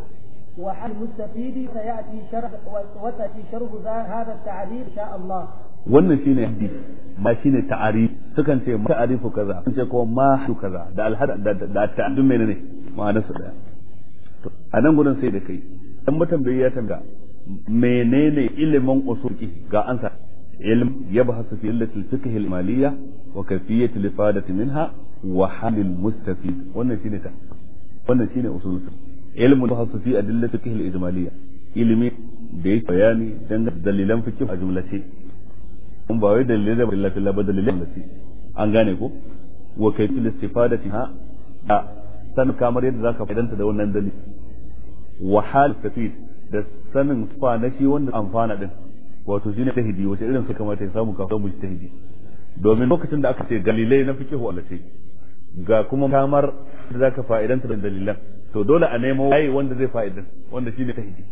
وحال المستفيد سياتي شرح وسياتي شرح هذا التعريف ان شاء الله.
wannan shine hadisi shi ne ta'arif sukan ce ma ta'arifu kaza sun ce kuma ma hu kaza da alhada da ta'addun menene ma'anar su daya to a nan gudun sai da kai dan bai ya tanga menene ilimin usul ga ansa ilm yabhasu fi illati al-fiqh al-maliyya wa kayfiyat al-ifadati minha wa halil mustafi. mustafid wannan shine ta wannan shine usul ilm yabhasu fi adillati al-fiqh al-ijmaliyya ilimi da yake bayani dan dalilan fiqh a jumlace kun ba wai dalilai da illa fil ba dalilai allati an gane ko wa kayfil istifadati ha da san kamar yadda zaka fa'idanta da wannan dalili wa hal tafid da sanin fa na shi wanda amfana din wato shine tahidi wace irin su kamata ya samu kafin mu tahidi domin lokacin da aka ce galilai na fiqhu allati ga kuma kamar da zaka fa'idanta da dalilan to dole a nemo ai wanda zai fa'idan wanda shine tahidi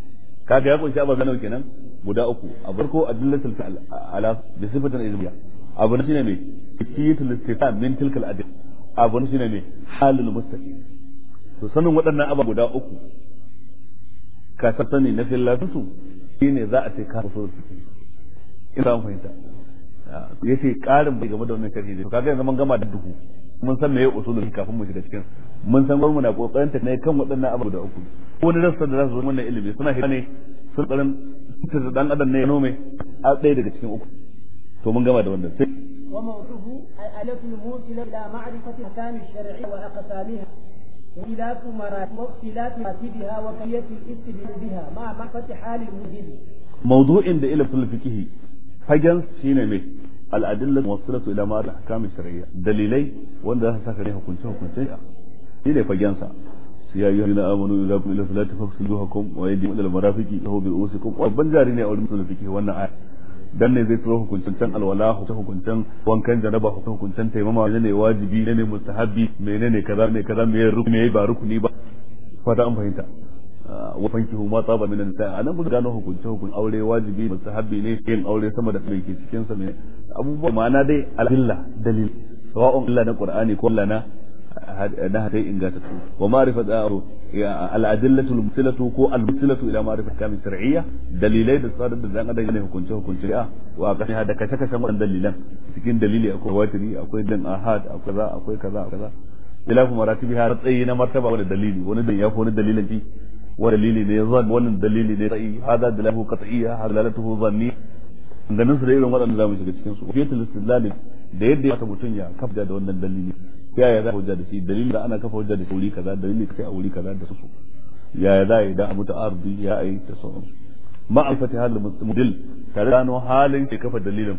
kaga ya kunshi ababen nawa kenan guda uku a farko adillatul ala bi sifatin ilmiya abu ne shine me kiyatul istifa min tilkal adil abu ne shine me halul mustaqim to sanin waɗannan abu guda uku ka san sani na fillatu shine za a ce ka so su in ba mu fahimta yace karin bai game da wannan sharhi to kaga yanzu mun gama da duhu mun san me ya usulun kafin mu shiga cikin mun san gwamnati na kokarin ta ne kan waɗannan abu guda uku wani rassa da za su zo wannan ilimi suna hira ne sun tsarin fitar da dan adam ne ya nome a ɗaya daga cikin uku to mun gama da wannan sai
وموضوعه الآلة الموصلة إلى معرفة الأحكام الشرعية وأقسامها واختلاف مراتب واختلاف مراتبها وكيفية الاستدلال بها مع معرفة حال المدل
موضوع عند إلى الفقه فجنس شينه مي الأدلة الموصلة إلى معرفة الأحكام الشرعية دليلي وأن ذا سكره كنت كنت إلى فجنسه يا أيها الذين آمنوا إذا قمتم إلى الصلاة فاغسلوا وجوهكم وأيديكم إلى المرافق وهو برؤوسكم وبن جاري ne a wurin musulun fiqh wannan dan ne zai tsoro hukuncin alwala hukuncin wankan janaba hukuncin taimama ne ne wajibi ne ne mustahabi kaza ne kaza me rukuni ba rukuni ba fata an fahimta ah, wa fankihu ma nisa anan mun gano hukun aure wajibi mustahabbi ne yin aure sama da tsare ke cikin sa ne abubuwa ma'ana dai alhilla dalil sawa'un na qur'ani ko illa na na hadai ingantattu wa ma'rifat al-adillatu al-musilatu ko al-musilatu ila ma'rifat kamin shar'iyya dalilai da sadar da dan adam ne hukunce hukunce a wa kashi hada kace kace wannan dalilan cikin dalili akwai watiri akwai dan ahad akwai kaza akwai kaza kaza khilafu maratibi har tsayi na martaba dalili wani wani wani ne zan wannan dalili ne sai hada dalalu qat'iyya halalatuhu zanni ganin su da irin waɗanda zamu shiga cikin su fiyatul istidlal da yadda ya mutum ya kafa da wannan dalili yaya za a hujja da shi dalilin da ana kafa hujja da shi wuri kaza dalilin kai a wuri kaza da su yaya za a yi da abu ta ardi ya yi da sauransu ma'alfati halin mudil tare da gano halin ke kafa dalilin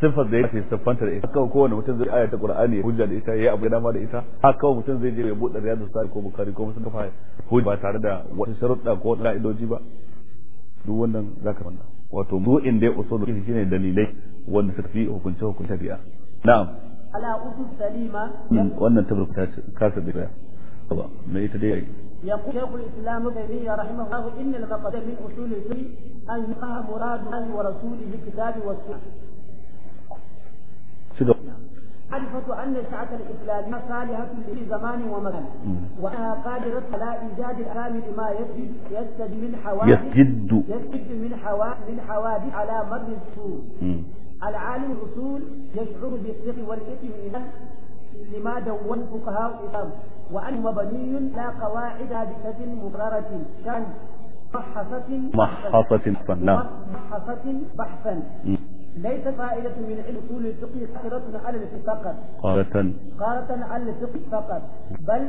siffar da ya ce siffanta da ita kawai kowane mutum zai ayata qur'ani ya hujja da ita ya abu dama da ita haka kawai mutum zai je ya buɗe riyadu sari ko bukari ko musu kafa hujja ba tare da wata sharuɗa ko ka'idoji ba duk wannan zaka wannan wato mu'in da ya usulu shine dalilai wanda suka fi hukunce hukunce bi'a na'am
ala usul salima
wannan tabarruk ta ce kasa da ya mai ita dai
يقول شيخ الاسلام ابن تيميه رحمه الله ان المقصد من اصول الفقه ان يقع مراد الله ورسوله الكتاب والسنه. معرفة أن الشعة الإسلامية صالحة في زمان ومكان وأنها قادرة على إيجاد الأحكام لما يسجد يسجد من حوادث يسجد من حوادث على مر السور العالم الأصول يشعر بالثقة والإثم لما دون فقهاء الإسلام وأنه مبني على قواعد ثابتة مقررة كان محصة محصة محصة بحثا ليس فائدة من علم أصول الفقه قارة على الفقه فقط قارة قارة على الفقه فقط بل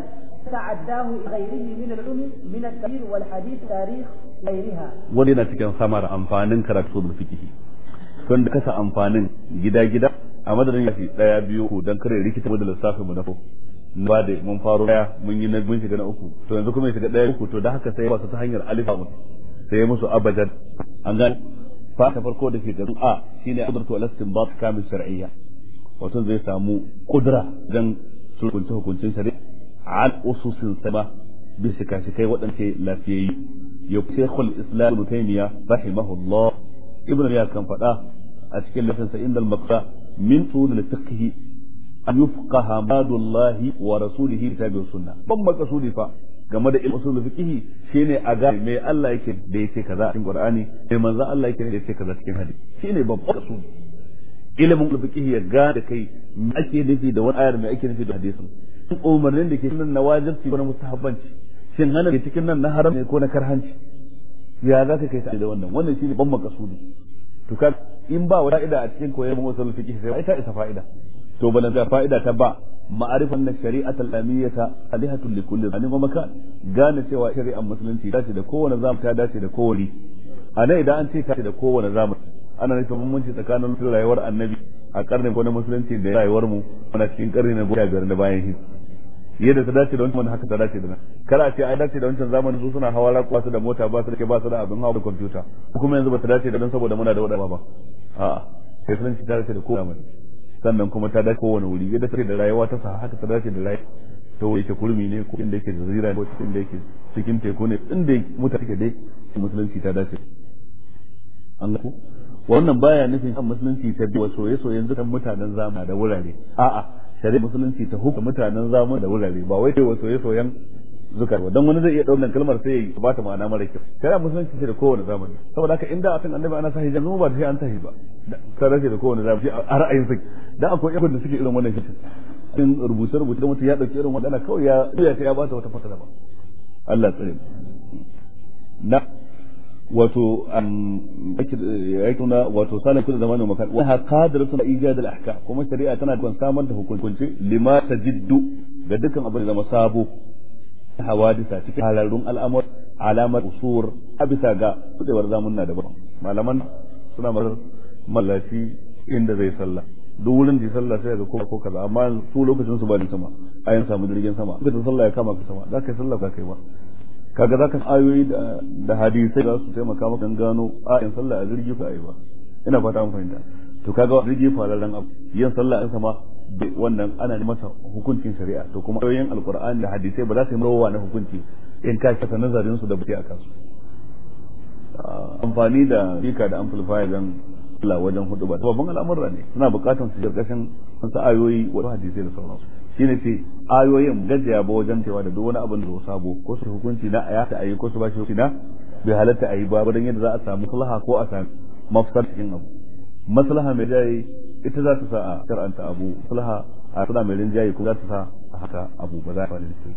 تعداه غيره من العلم من التفسير والحديث تاريخ غيرها
ولنا cikin samar amfanin karatu da fikihi son da kasa amfanin gida-gida a madadin yafi daya biyu ku dan kare rikita da lissafin mu na ko ba da mun faro daya mun yi na mun shiga na uku to yanzu kuma shiga daya uku to da haka sai wasu ta hanyar alifa musu sai musu abadan an gane fa ta farko da ke garin a shi ne shine qudratu al-istinbat kamil shar'iyya wato zai samu kudura dan sulhunta hukuncin shari'a al ususin sama bisa kashi kai waɗance lafiyayyu ya shaykhul islam ibn taymiya rahimahullah ibn riyad kan faɗa a cikin lafinsa inda al-maqsa min tul al-fiqh an yufqaha madullahi wa rasulihi ta bi sunna ban makasudi fa game da ilmin fiqh shine a ga me Allah yake da yake kaza cikin Qur'ani me manzo Allah yake da yake kaza cikin hadisi shine babban kasudi ilimin fiqh ya ga da kai me ake nufi da wani ayar me ake nufi da hadisin umarnin da ke nan na wajibi ko na mustahabbanci shin hana da cikin nan na haram ne ko na karhanci ya za ka kai ta da wannan wannan shine ban makasudi to in ba wata fa'ida a cikin koyar usul fiqh sai ita isa fa'ida to balan ga fa'ida ta ba ma'arifan na shari'at al-amiyyata alihatun li kulli zanin kuma ka. gane cewa shari'ar musulunci dace da kowane zamu ta dace da kowani ana idan an ce ta da kowane zamu ana nufin bambanci tsakanin rayuwar annabi a karnin ko na musulunci da rayuwar mu muna cikin karni na 15 da bayan hijira yadda ta dace da wancan wanda haka ta dace da nan kada a ce ai dace da wancan zamanin su suna hawa rakuwa su da mota ba su da ke ba su da abin hawa da kwamfuta kuma yanzu ba ta dace da dan saboda muna da wadaba ba a'a sai sun ci dace da kowa mai sannan kuma ta dace kowane wuri yadda take da rayuwa ta sa haka ta dace da rayuwa ta wuri yake kurmi ne ko inda yake jazira ko inda yake cikin teku ne inda mutane take dai musulunci ta dace an ku wannan baya nufin kan musulunci ta biyo soye-soyen zukan mutanen zamana da wurare a'a shari'a musulunci ta hukunta mutanen zamu da wurare ba wai wa soye soyen zukar ba don wani zai iya daukan kalmar sai ya ba ta ma'ana mara kyau shari'a musulunci ce da kowane zamani saboda haka inda akan annabi ana sahi jami'u ba sai an tahi ba sai da kowane zamani a ra'ayin sa dan akwai yakun da suke irin wannan shi in rubuce rubuce mutum ya dauki irin wannan kawai ya ya ya ba ta wata fasara ba Allah tsare na wato an wato sanin kullu zamanin makan wa haqadratu ijad al ahkam kuma shari'a tana kan samar da hukunci lima tajiddu ga dukkan abin da zama sabo hawadisa cikin halarrun al'amur alamar usur ga kudewar zamunna daban malaman suna mallafi inda zai sallah duk wurin da sallah sai ga ko kaza amma su lokacin su ba ni sama ayin samu jirgin sama lokacin sallah ya kama ka sama za ka yi sallah ka kai ba kaga ka ayoyi da hadisai za su taimaka maka gano a yin sallah a jirgi fa ayi ba ina fata mun fahimta to kaga jirgi fa alalan abu yin sallah a sama wannan ana masa hukuncin shari'a to kuma ayoyin alqur'ani da hadisai ba za su yi rawa na hukunci in ka kasa nazarin su da bude a kansu ah, amfani da rika da amplifier dan la wajen hudu ba babban al'amura ne suna bukatan su jirgashin ayoyi wa hadisai da sauransu shine ce ayoyin gajiya ba wajen cewa da duk wani abin da sabo ko su hukunci na aya ta ayi ko su bashi hukunci na bai halatta ayi ba ba dan yadda za a samu maslaha ko a samu mafsad cikin abu maslaha mai jayi ita za ta sa a karanta abu maslaha a suna mai rinjaye ko za ta sa a haka abu ba za a fara da shi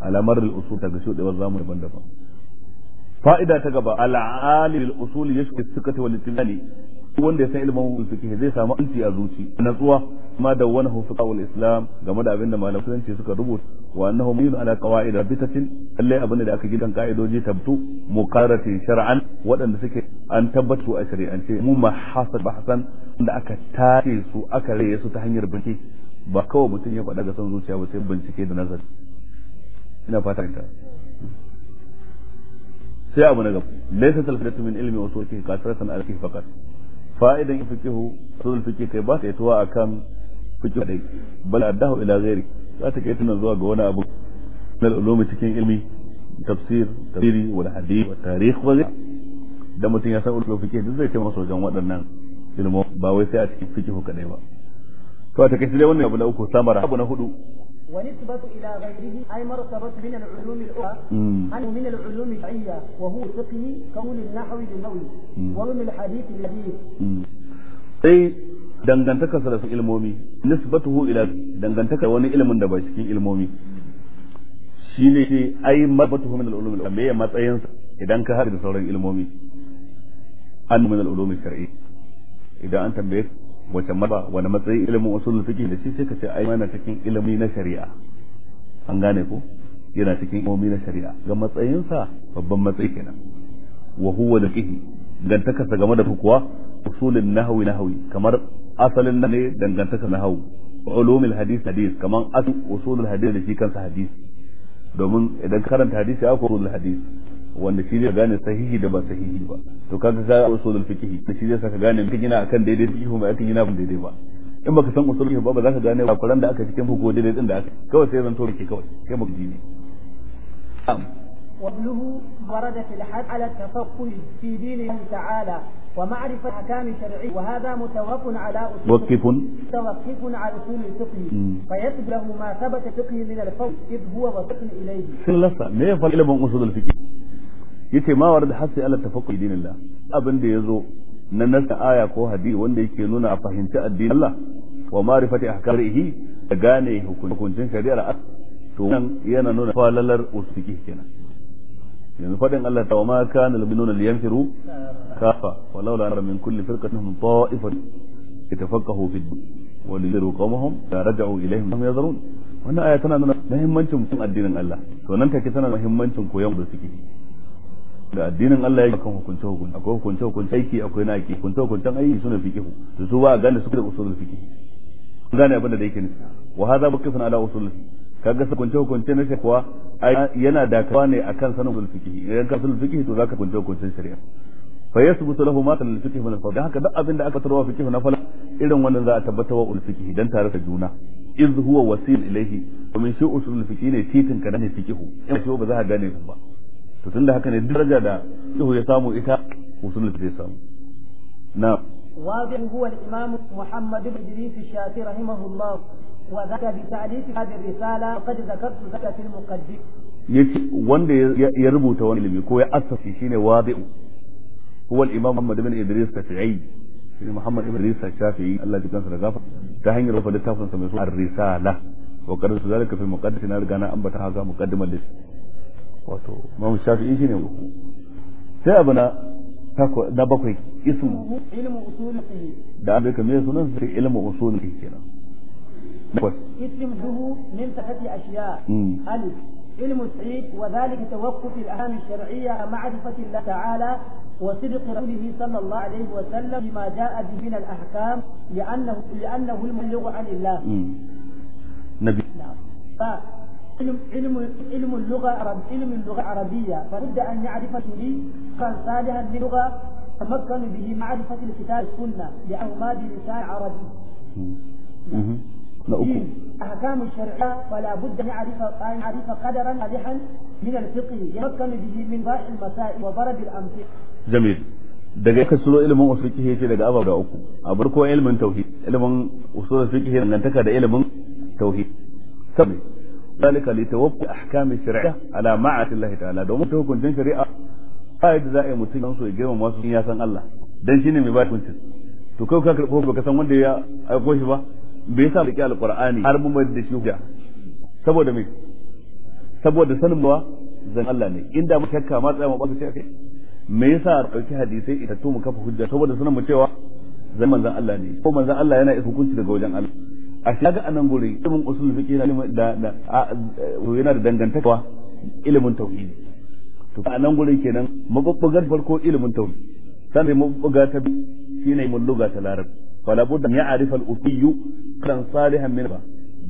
alamar al-usul daga shudewar zamu daban-daban fa'ida ta gaba al-alil usul yashku sukati wal tibali wanda ya san ilimin fiqh zai samu anti a zuci natsuwa ma da wani hufuka wal islam game da abin da malaman musulunci suka rubuta wa annahu mayyun ala qawaid rabitatin lalle abin da aka gidan kaidoji tabtu muqarrati shar'an waɗanda suke an tabbatu a shari'ance mu mahasa bahsan da aka tace su aka rayu su ta hanyar bincike ba kawai mutum ya faɗa ga son zuciya ba sai bincike da nazari ina fata ka sai abu na gaba laysa talfidatu min ilmi wa sulki kasratan alki faqat fa'idan fikihu sun fikih kai ba ta yi tuwa akan fikih dai bal addahu ila ghairi za ta kai tunan zuwa ga wani abu na ulumi cikin ilmi tafsir tafsiri wal hadith wa tarikh wa ghairi da mutum ya san ulumi fikih duk zai kai masa wajen waɗannan ilmo ba wai sai a cikin fikih kadai ba to a takaice dai wannan abu na uku samara abu na hudu
ونسبة إلى غيره أي مرتبة من العلوم الأخرى أنه من العلوم الشرعية وهو فقه كون النحو بالنوي وعلم الحديث الحديث
sai dangantakarsa da su ilmomi nisbatuhu ila dangantaka wani ilimin da ba cikin ilmomi shine sai ai mabatuhu min al-ulum al me ya matsayinsa idan ka hada da sauran ilmomi an min al-ulum al-shar'i idan an tambaye wace maba wani matsayin ilimin usulul fiqh da shi sai ka ce ai mana cikin ilimi na shari'a an gane ko yana cikin ilimi na shari'a ga matsayinsa babban matsayi kenan wa huwa fiqh gantaka sa game da kuwa usulun nahwi nahwi kamar asalin nan ne dangantaka nahwu ulumul hadith hadith kamar usulul hadith da shi kansa hadith domin idan karanta hadisi akwai usulul hadith wanda shi zai gane sahihi da ba sahihi ba to kaga ka usulul fiqh shi zai saka gane mutum yana akan daidai fiqh ba akan yana daidai ba in baka san usulul fiqh ba za ka gane ba kuran da aka cikin fuko daidai din da aka kawai sai zan tobe ke kawai kai maka ji ne
وابنه ورد في الحد على التفقه في دين الله تعالى ومعرفة أحكام شرعية وهذا متوقف على أصول متوقف على أصول الفقه فيثبت له ما ثبت فقه من الفوز إذ هو وفقه إليه.
سلسة ما يفعل إلا من أصول الفقه yace ma warda hasi ala tafaqquh dinillah abin da yazo na nasa aya ko hadisi wanda yake nuna a fahimci addinin Allah wa ma'rifati ahkamihi da gane hukuncin shari'ar to nan yana nuna falalar usiki kenan yanzu fadin Allah ta ma kana al-mu'minuna liyanfiru kafa walaula an min kulli firqatin ta'ifatan yatafaqahu fi din wa liru qawmahum la raja'u ilayhim hum yazrun wannan aya tana nuna muhimmancin mutum addinin Allah to nan take tana muhimmancin koyon usiki da addinin Allah yake kan hukunce hukunce akwai hukunce hukunce aiki akwai na aiki hukunce hukuncen aiki suna fiki to su ba gane su da usulul fiqh gane abin da yake nufi wa hadha buqifun ala usul kaga sa hukunce hukunce na shakwa yana dakawa ne akan sanin usul fiki idan ka sanin fiki to zaka hukunce hukuncen shari'a fa yasbu lahu ma kana fiki min al-fadl haka duk abin da aka tarwa fiki na fala irin wannan za a tabbata wa fiki dan tare da juna iz huwa wasil ilayhi wa min shu'usul fiki ne titin kana ne fiqh in ba za ka gane ba to da haka ne duk daraja da shehu ya samu ita usulul zai samu na
واضح هو الإمام محمد بن إدريس الشافعي رحمه الله وذاك بتأليف هذه الرسالة وقد ذكرت ذلك في المقدمة
yace wanda ya rubuta wani ilimi ko ya assafi shine wadi'u huwa al-imam Muhammad ibn Idris Shafi'i shine Muhammad ibn Idris Shafi'i Allah ya kansa ta hanyar rubuta littafin sa mai suna ar riga na haza wato mamu shafi in shi ne uku sai abu na na bakwai ismu
ilmu usulihi
da abu kamar sunan sai ilmu usulihi kenan bakwai
ism duhu min tafati ashiya hmm. alif علم التوحيد وذلك توقف الاهام الشرعيه معرفه الله تعالى وصدق رسوله صلى الله عليه وسلم بما جاء به من الاحكام لانه لانه المبلغ عن الله. نبي نعم. علم علم علم اللغه علم اللغه العربيه فبد ان يعرف لي كان صالحا للغه تمكن به معرفه الكتاب والسنه لانهما لسان عربي. احكام الشرعيه فلا بد ان يعرف ان يعرف قدرا صالحا من الفقه يتمكن به من باقي المسائل وضرب الامثله.
جميل. daga ka sulo ilimin usul fiqh ce daga abu da uku a farko ilimin tauhid ilimin usul fiqh dangantaka da ilimin tauhid sabbi ذلك لتوفي أحكام الشريعة على معة الله تعالى دوم تكون جن شريعة قائد زائي متين سو يجيب ما سو يا سان الله dan shine mai ba kuncin to kai ka karbo baka san wanda ya aiko shi ba bai da shi hujja saboda me saboda a dauki hadisai ita to mu kafa ne ko manzan yana isa hukunci daga wajen Allah a shaga anan gure ilimin usul fiqh yana da da yana da dangantawa ilimin tauhidi to a nan gurin kenan mabubbugar farko ilimin tauhidi san da mabubbuga ta shine mun lugha ta larab la budda arifa al-usiyyu kan salihan min ba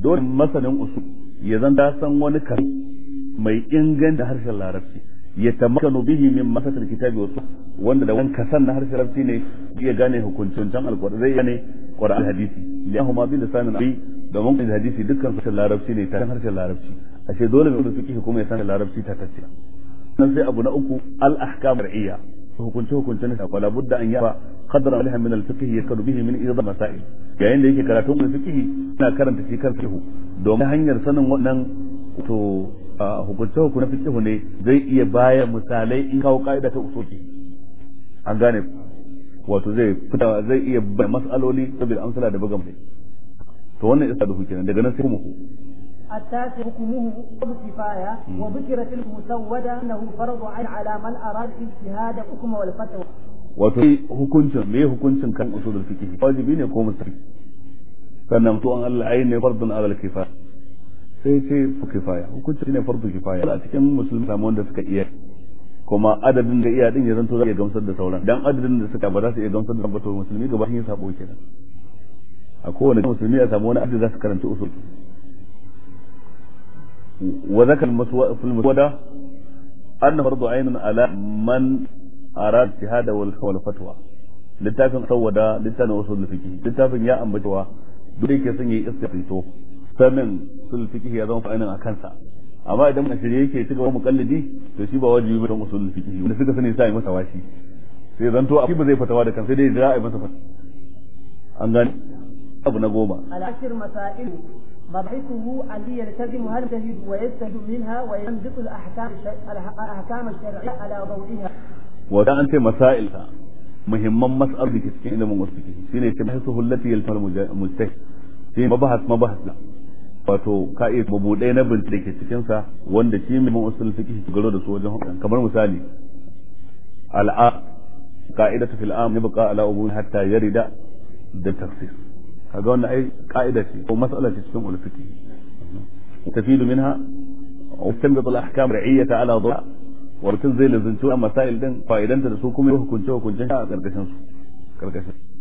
dole masanin usul ya zan da san wani kan mai inganta harshen larabci ya tamakanu bihi min masal kitabi wa wanda da wani kasan na harshen larabci ne ya gane hukuncin tan alqur'ani zai gane qur'an hadisi da huma bi lisanin arabi domin kun hadisi dukkan su larabci ne ta harshen larabci ashe dole mai usul fiqh kuma ya san larabci ta tace nan sai abu na uku al ahkam mar'iyya hukunce hukunce na shakwa labudda an yaba qadra alha min al fiqh yakadu bihi min idha masail yayin da yake karatun usul fiqh ina karanta shi kan fiqh domin hanyar sanin wannan to hukunce hukunce fiqh ne zai iya bayar misalai in kawo kaida ta usul an gane ku wato zai fita zai iya bai mas'aloli saboda amsala da bugan mai to wannan isa da kenan daga nan sai mu
التاسع حكمه بكفاية وذكرت المسودة أنه فرض عين على من أراد اجتهاد حكم والفتوى
wato hukuncin me hukuncin kan usulul fiqh wajibi ne ko mustafi sannan to an Allah ayin ne fardun alal kifaya sai ce kifaya hukuncin ne fardu kifaya a cikin musulmi samu suka iya kuma adadin da iya din ya zanto za iya gamsar da sauran dan adadin da suka ba za su iya gamsar da to musulmi gaba sun yi sabo kenan a kowane musulmi a samu wani adadi za su karanta usul wa zakal maswa fil maswada an fardu aynun ala man arad jihada wal wal fatwa littafin sawada littafin usul fiqh littafin ya ambacewa duk da yake son yi istifito sanin sul ya zama fa'inin a kansa amma idan a shirye yake ci gaba mukallidi to shi ba wajibi ba don usulul fiqh wanda suka sani sai masa washi sai zanto a ba zai fatawa da kan sai dai jira a masa fata. an gani abu na goma
al-ashir masail مبعثه الذي يلتزم هل تجد ويستجد منها وينبط الأحكام الأحكام الشرعية على ضوئها
وده أنت مسائل مهمة مسألة كتكين إلى من وصفك سينة تبحثه التي يلفها المجتهد سينة مبحث مبحث لا wato ka iya mabuɗai na bincike ke cikinsa wanda shi mai usul fiqh garo da su wajen hukunci kamar misali al'a ka'ida ta fil'am ya buƙa ala ubu hatta yarida da tafsir kaga wannan ai ka'ida ce ko mas'ala ce cikin usul tafidu minha da su kuma hukunce a karkashin su karkashin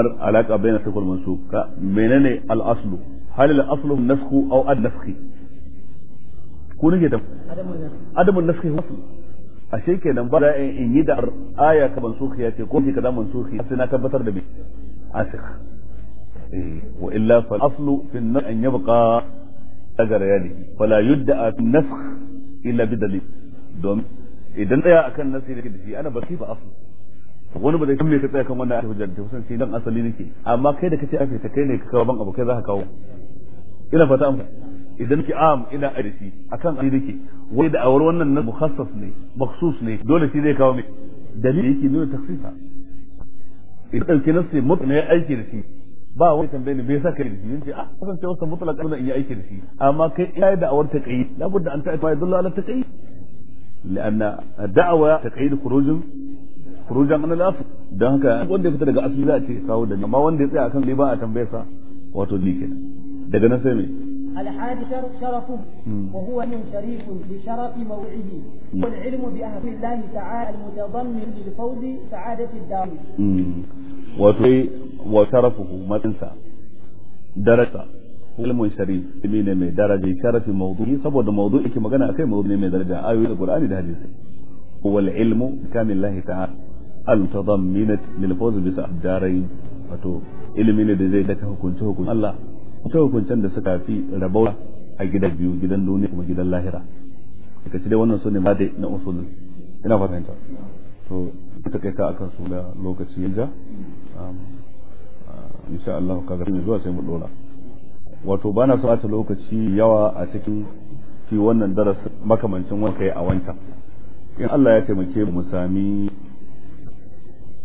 far alaka bayan sukul mansub ka menene al aslu hal al ad da adamun ba yi da aya ka mansukhi yace ko mansukhi sai na tabbatar da eh, wa illa aslu fi an an yabqa agar yani fala yudda fi nasakh illa bi don idan tsaya akan nasiri da shi ana basi ba wani ba zai san me ka tsaya kan wannan ayatu hujjar ta kusan sai dan asali nake amma kai da kace an fita kai ne ka kawo ban abu kai kawo ina fata amsa idan ki am ina arisi akan asali nake wai da awar wannan na mukhassas ne makhsus ne dole shi zai kawo me dalili yake nuna takhsisa idan dauke nasu mutane ya aiki da shi ba wani tambaye ne me yasa kai da shi yace ah kasance wasa mutlaka ina in yi aiki da shi amma kai ina da awar taqi labudda an ta'ifa yadullu ala taqi لأن الدعوة تقعيد kurujan an lafi don haka wanda ya fita daga asali za a ce kawo da amma wanda ya tsaya akan ba a tambaye sa wato ni kenan daga nan sai me
الحادث شرفه وهو من شريف بشرف موعده والعلم بأهل الله تعالى المتضمن للفوز سعادة الدار
وتي وشرفه ما تنسى درجة ilmin sharif ilmi ne mai daraja sharafin mawdu'i saboda mawdu'i ke magana akai mawdu'i ne mai daraja ayoyi da qur'ani da hadisi wal ilmu al wato ne da zai daka hukunci Allah ta da suka fi a gidan biyu gidan duniya kuma gidan lahira daga wannan ba da na usulun ina fahimta to kai akan su da lokaci ya ja insha Allah ka ga zuwa sai mu dora wato so lokaci yawa a cikin fi wannan darasin makamancin wanka a wancan in Allah ya taimake mu sami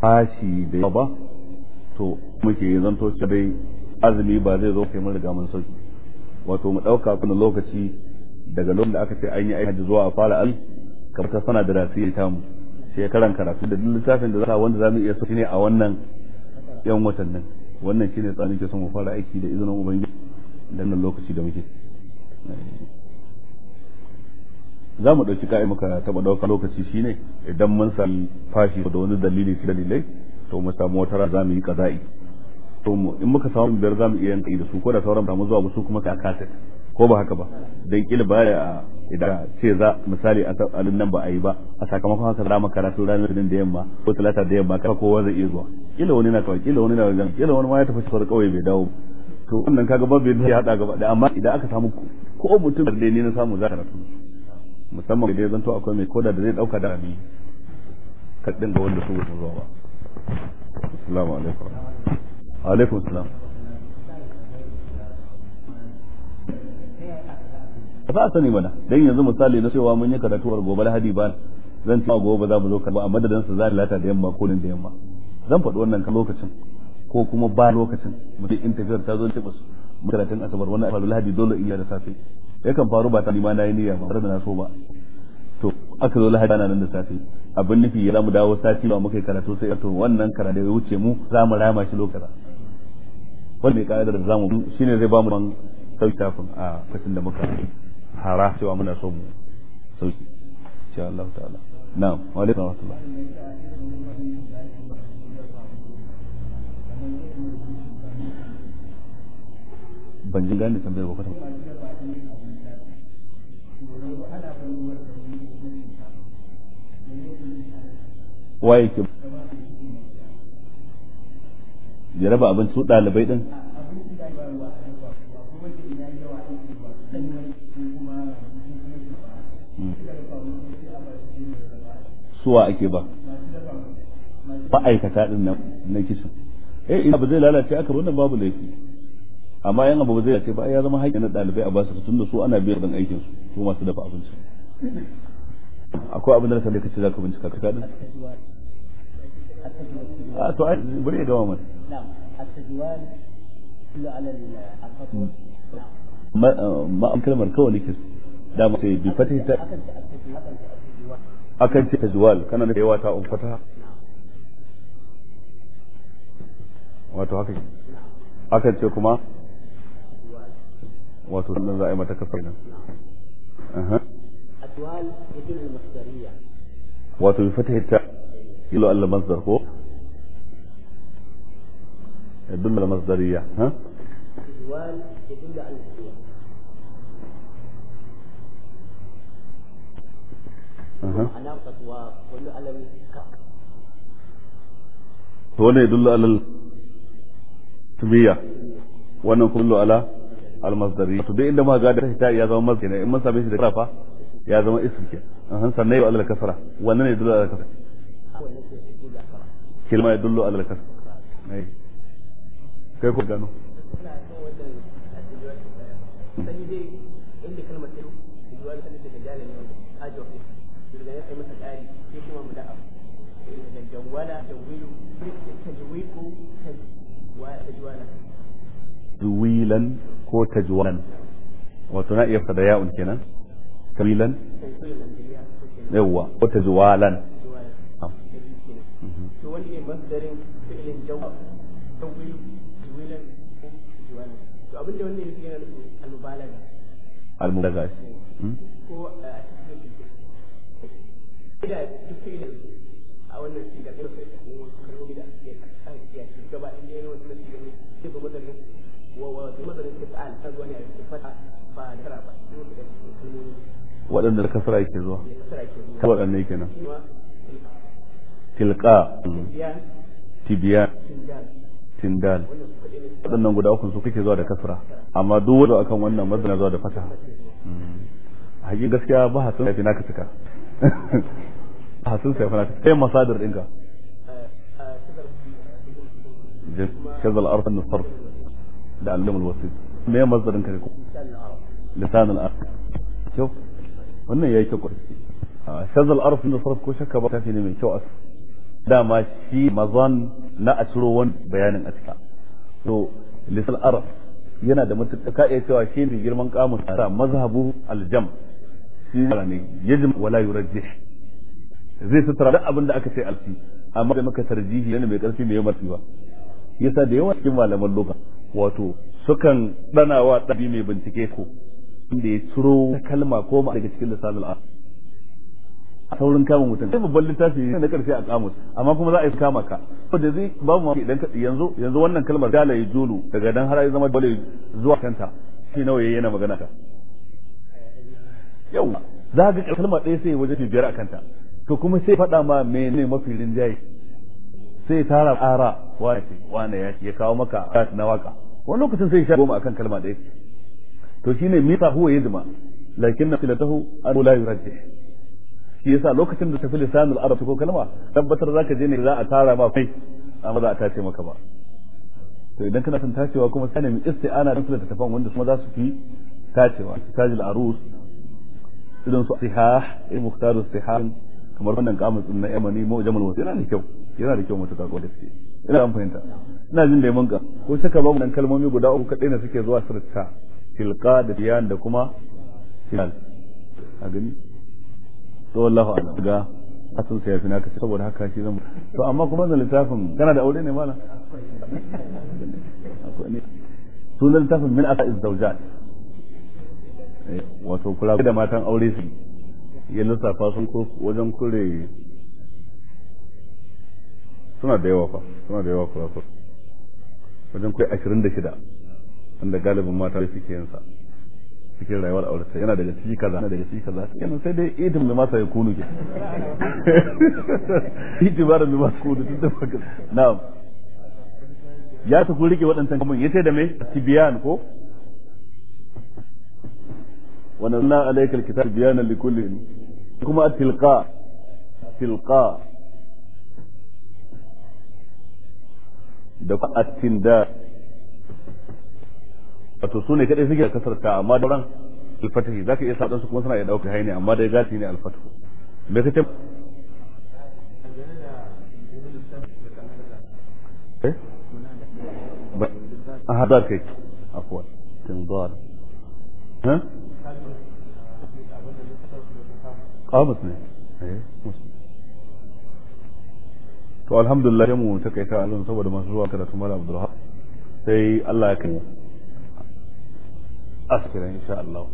fashi da yawa ba to muke zanto cewa dai azumi ba zai zo kai mun riga mun sauki wato mu dauka kun lokaci daga lokacin da aka ce an yi aiki zuwa a fara al kamar ta sana da rasiyar tamu shekaran karatu da lissafin da za wanda zamu iya sauki ne a wannan yan watannin wannan shine tsanin ke son mu fara aiki da izinin ubangiji da wannan lokaci da muke za mu ɗauki ka'i muka taɓa ɗaukar lokaci shi ne idan mun sami fashi da wani dalili su dalilai to mu samu wata rana za mu yi kaza'i to mu in muka samu biyar za mu iya yanka da su ko da sauran mu zuwa su kuma ka kasir ko ba haka ba dan kila ya idan ce za misali a tsarin nan ba a yi ba a sakamakon haka za mu karatu ranar din da yamma ko talata da yamma ka kowa zai iya zuwa kila wani na kawai kila wani na wajen kila wani ma ya tafi sauran kauye bai dawo to wannan kaga babu yadda ya hada gaba da amma idan aka samu ko mutum da ne na samu za ka karatu musamman da ya zanto akwai mai koda da zai dauka da abi kaddin ga wanda su ba zuwa ba assalamu alaikum alaikum salam ba a sani mana dan yanzu misali na cewa mun yi karatuwar gobe lahadi ba zan ci gobe ba za mu zo karba amma da su za lata da yamma ko da yamma zan faɗi wannan kan lokacin ko kuma ba lokacin mutum in tafiyar ta zo ta basu karatun asabar wannan alhamdulillah dole in yi da safe yakan faru ba ta nima na yi niyya ba tare da na so ba to aka zo lahadi nan da safe abin nufi ya zamu dawo sati ba muka yi karatu sai to wannan karatu ya wuce mu za mu rama shi lokaci wanda mai ka'idar da zamu shine zai ba mu ban sauki tafin a fatin da muka hara cewa muna so mu sauki insha Allah ta'ala na'am wa alaikum assalam ban ji gane tambayar ba
kwata
waye ke ya raba abin su ɗalibai ɗin suwa ake ba ma'aikata ɗin na kisan eh ina ba zai lalace aka wannan babu laifi amma yan abu zai ce ba ya zama haƙƙin na ɗalibai a basu tun da su ana biyar dan aikin su su masu dafa abinci akwai abin da sai kace zaka bincika ka kadin a to ai bari ya gama mana ma'am kalmar kawai nake da mu sai bi fatih ta akan ce tajwal kana da yawa ta umfata wato haka akan ce kuma wato sannan za a yi mata kasar nan
أدوال يدل المصدرية
واتو بفتح التاء يلو ألا مصدر هو يدل المصدرية ها
أدوال يدل على الاختيار أنا قد وقل على الكاف
هنا يدل على التبية وأنا كله على almasdari to dai inda ma ga da ta ya zama masdari in mun same shi da rafa ya zama ism ke an ne ya alal kasra wannan ne dole alal kasra kilma ya dullo alal kasra kai ko gano جويلا hmm. ko tajwalan wato na iya fada ya'un kenan kalilan yawwa ko ta ah. hmm?
eh, kuma kalmomi inda
waɗanda kasara yake zuwa ta waɗanda yake nan tilka mm, tibiya tindal waɗannan guda uku su kake zuwa da kasara amma duk wadda akan wannan mazana zuwa da fata mm. haƙi gaskiya ba hasin sai ka cika hasin sai fa naka sai masadar dinka jazal eh, eh, arfan sarf da allamul wasit me ya masdarin kare ku. lisan al arab kyau wannan yayi kyau kwarai shaz al arab na sarf ko shakka ba tafi ne mai kyau as dama shi mazan na a ciro wani bayanin a cikin to lisan arab yana da matuƙa iya cewa shi ne girman kamus a mazhabu aljam shi ne yajma wala yurajjih zai sutura duk abin da aka ce alfi amma da maka tarjihi ne mai karfi mai yawan ba yasa da yawa cikin malaman lokaci wato sukan dana wa ɗabi mai bincike ko inda ya ciro kalma ko ma daga cikin lisanul al'ad a saurin kama mutum sai babban littafi ne na karshe a kamus amma kuma za a yi kama ka saboda zai ba mu idan ka yanzu yanzu wannan kalmar dala ya julu daga dan har ya zama dole zuwa kanta shi nawa yayi yana magana ka yau za ka ga kalmar ɗaya sai waje biyar a kanta to kuma sai faɗa ma mene mafi rinjaye sai tara ƙara wane wane ya kawo maka na waka wani lokacin sai sha goma akan kalma ɗaya to shine mita huwa yajma lakin na filatahu an la yurajji shi yasa lokacin da tafi lisanul arab ko kalma tabbatar zaka je ne za a tara ma kai amma za a tace maka ba to idan kana son tacewa kuma sai nemi isti'ana da filata tafan wanda kuma za su fi tacewa tajil arus idan su sihah il mukhtaru sihah kamar wannan kamus din na yamani mu jamal wasira ne kyau yana da kyau mutuka ko da shi ina an fahimta ina jin da yamanka ko shaka babu nan kalmomi guda uku kadai ne suke zuwa sirta tilqa da tiyan da kuma tilal a gani to wallahi alam ga asun sai yafi naka saboda haka shi zan to amma kuma da littafin kana da aure ne mala sunan littafin min aka zawjat eh, wato kula da matan aure su ya lissafa sun ko wajen kure suna da yawa fa suna da yawa kula kuwa. wajen kai ashirin da shida wanda galibin mata ke yin sa cikin rayuwar aurata yana daga ciki kaza yana daga ciki kaza kenan sai dai idin bai masa ya kunu ke itibarin bai masa kunu tun da na'am ya ta kun rike waɗancan kamun yace da mai tibiyan ko wa nazzalna alaykal kitaba tibyana likulli kuma tilqa tilqa da fa'atin da wato su ne kadai suke a kasarta amma da ran alfatahi za ka iya sa su kuma suna iya ɗaukar haini amma dai gati ne alfatahu me kace hadar eh? ah, kai ne eh? to alhamdulillah mu ta kai ta alun saboda masu zuwa karatu mala abdulhab sai Allah ya kai askira insha Allah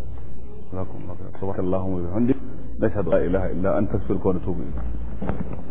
lakum subhanallahu wa bihamdihi nashhadu la ilaha illa anta astaghfiruka wa atubu ilayk